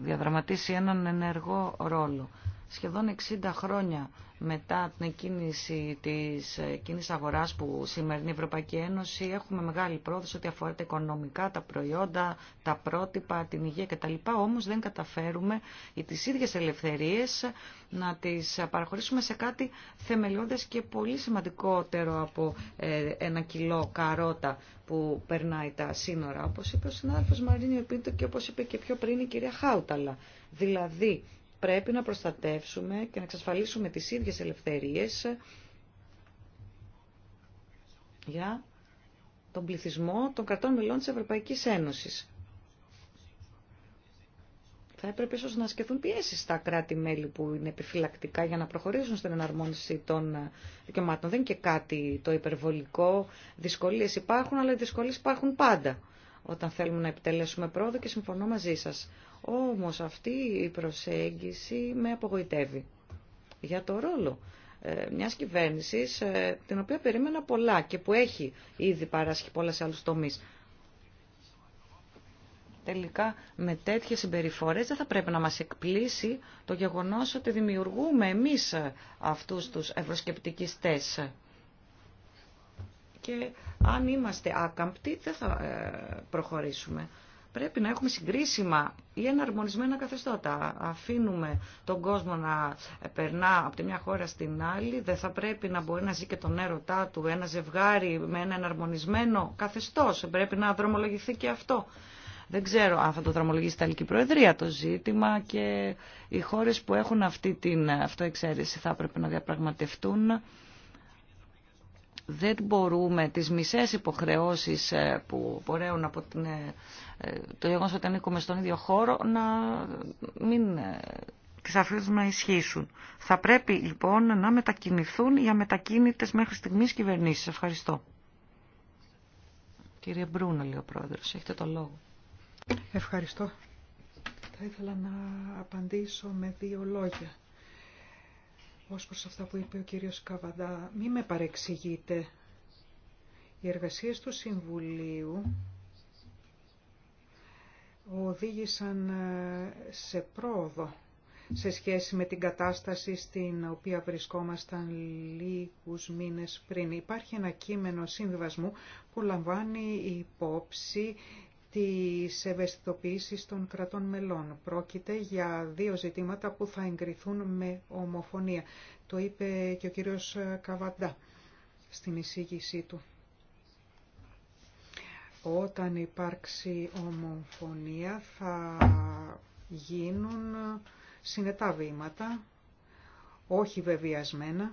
διαδραματίσει έναν ενεργό ρόλο σχεδόν 60 χρόνια μετά την εκκίνηση της ε, κοινής αγοράς που σήμερα η Ευρωπαϊκή Ένωση έχουμε μεγάλη πρόοδο ότι αφορά τα οικονομικά, τα προϊόντα, τα πρότυπα, την υγεία κτλ. Όμως δεν καταφέρουμε οι τις ίδιες ελευθερίες να τις παραχωρήσουμε σε κάτι θεμελιώδες και πολύ σημαντικότερο από ε, ένα κιλό καρότα που περνάει τα σύνορα, όπως είπε ο συνάδελφος Μαρίνιο Πίντο και όπως είπε και πιο πριν η κυρία Χάουταλα. Δηλαδή, πρέπει να προστατεύσουμε και να εξασφαλίσουμε τις ίδιες ελευθερίες για τον πληθυσμό των κρατών μελών της Ευρωπαϊκής Ένωσης. Θα έπρεπε ίσως να σκεφτούν πιέσεις στα κράτη-μέλη που είναι επιφυλακτικά για να προχωρήσουν στην εναρμόνιση των δικαιωμάτων. Δεν είναι και κάτι το υπερβολικό. Δυσκολίες υπάρχουν, αλλά οι δυσκολίες υπάρχουν πάντα όταν θέλουμε να επιτελέσουμε πρόοδο και συμφωνώ μαζί σας. Όμως αυτή η προσέγγιση με απογοητεύει για το ρόλο ε, μια κυβέρνησης ε, την οποία περίμενα πολλά και που έχει ήδη παράσχει πολλά σε άλλους τομείς. Τελικά με τέτοιες συμπεριφορές δεν θα πρέπει να μας εκπλήσει το γεγονός ότι δημιουργούμε εμείς αυτούς τους ευρωσκεπτικιστές και αν είμαστε άκαμπτοι δεν θα ε, προχωρήσουμε. Πρέπει να έχουμε συγκρίσιμα ή εναρμονισμένα καθεστώτα. Αφήνουμε τον κόσμο να ε, περνά από τη μια χώρα στην άλλη. Δεν θα πρέπει να μπορεί να ζει και τον έρωτά του ένα ζευγάρι με ένα εναρμονισμένο καθεστώς. Πρέπει να δρομολογηθεί και αυτό. Δεν ξέρω αν θα το δρομολογήσει η Ιταλική Προεδρία το ζήτημα και οι χώρες που έχουν αυτή την ε, αυτοεξαίρεση θα έπρεπε να διαπραγματευτούν δεν μπορούμε τις μισές υποχρεώσεις ε, που πορεύουν από την, ε, ε, το γεγονό ότι ανήκουμε στον ίδιο χώρο να μην τις αφήσουμε να ισχύσουν. Θα πρέπει λοιπόν να μετακινηθούν οι αμετακίνητες μέχρι στιγμής κυβερνήσεις. Ευχαριστώ. Κύριε Μπρούνα, λέει ο πρόεδρος, έχετε το λόγο. Ευχαριστώ. Θα ήθελα να απαντήσω με δύο λόγια ως προς αυτά που είπε ο κύριος Καβαντά, μη με παρεξηγείτε. Οι εργασίες του Συμβουλίου οδήγησαν ε, σε πρόοδο σε σχέση με την κατάσταση στην οποία βρισκόμασταν λίγους μήνες πριν. Υπάρχει ένα κείμενο συμβιβασμού που λαμβάνει υπόψη τη ευαισθητοποίησης των κρατών μελών. Πρόκειται για δύο ζητήματα που θα εγκριθούν με ομοφωνία. Το είπε και ο κύριος Καβαντά στην εισήγησή του. Όταν υπάρξει ομοφωνία θα γίνουν συνετά βήματα, όχι βεβαιασμένα,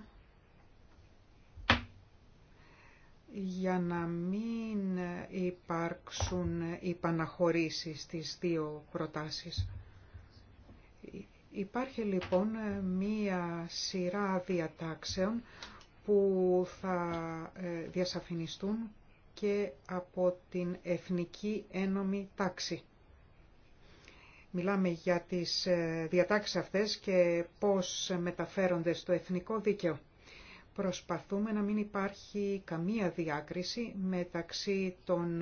για να μην υπάρξουν υπαναχωρήσεις στις δύο προτάσεις. Υπάρχει λοιπόν μία σειρά διατάξεων που θα ε, διασαφινιστούν και από την Εθνική Ένωμη Τάξη. Μιλάμε για τις ε, διατάξεις αυτές και πώς μεταφέρονται στο εθνικό δίκαιο. Προσπαθούμε να μην υπάρχει καμία διάκριση μεταξύ των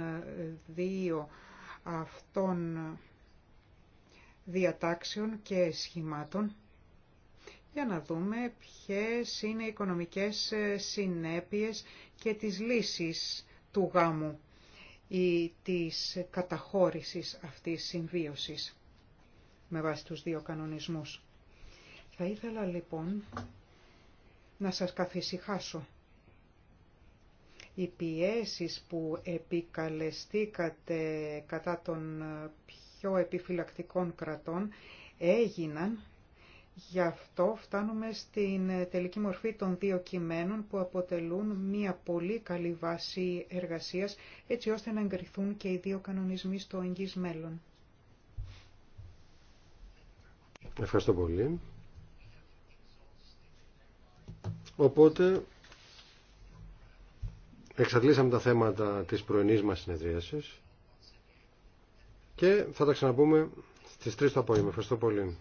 δύο αυτών διατάξεων και σχημάτων για να δούμε ποιες είναι οι οικονομικές συνέπειες και τις λύσεις του γάμου ή της καταχώρησης αυτής συμβίωσης με βάση τους δύο κανονισμούς. Θα ήθελα λοιπόν να σας καθησυχάσω. Οι πιέσεις που επικαλεστήκατε κατά των πιο επιφυλακτικών κρατών έγιναν, γι' αυτό φτάνουμε στην τελική μορφή των δύο κειμένων που αποτελούν μια πολύ καλή βάση εργασίας έτσι ώστε να εγκριθούν και οι δύο κανονισμοί στο εγγύς μέλλον. Ευχαριστώ πολύ. Οπότε εξαντλήσαμε τα θέματα της πρωινής μας συνεδρίασης και θα τα ξαναπούμε στις 3 το απόγευμα. Ευχαριστώ πολύ.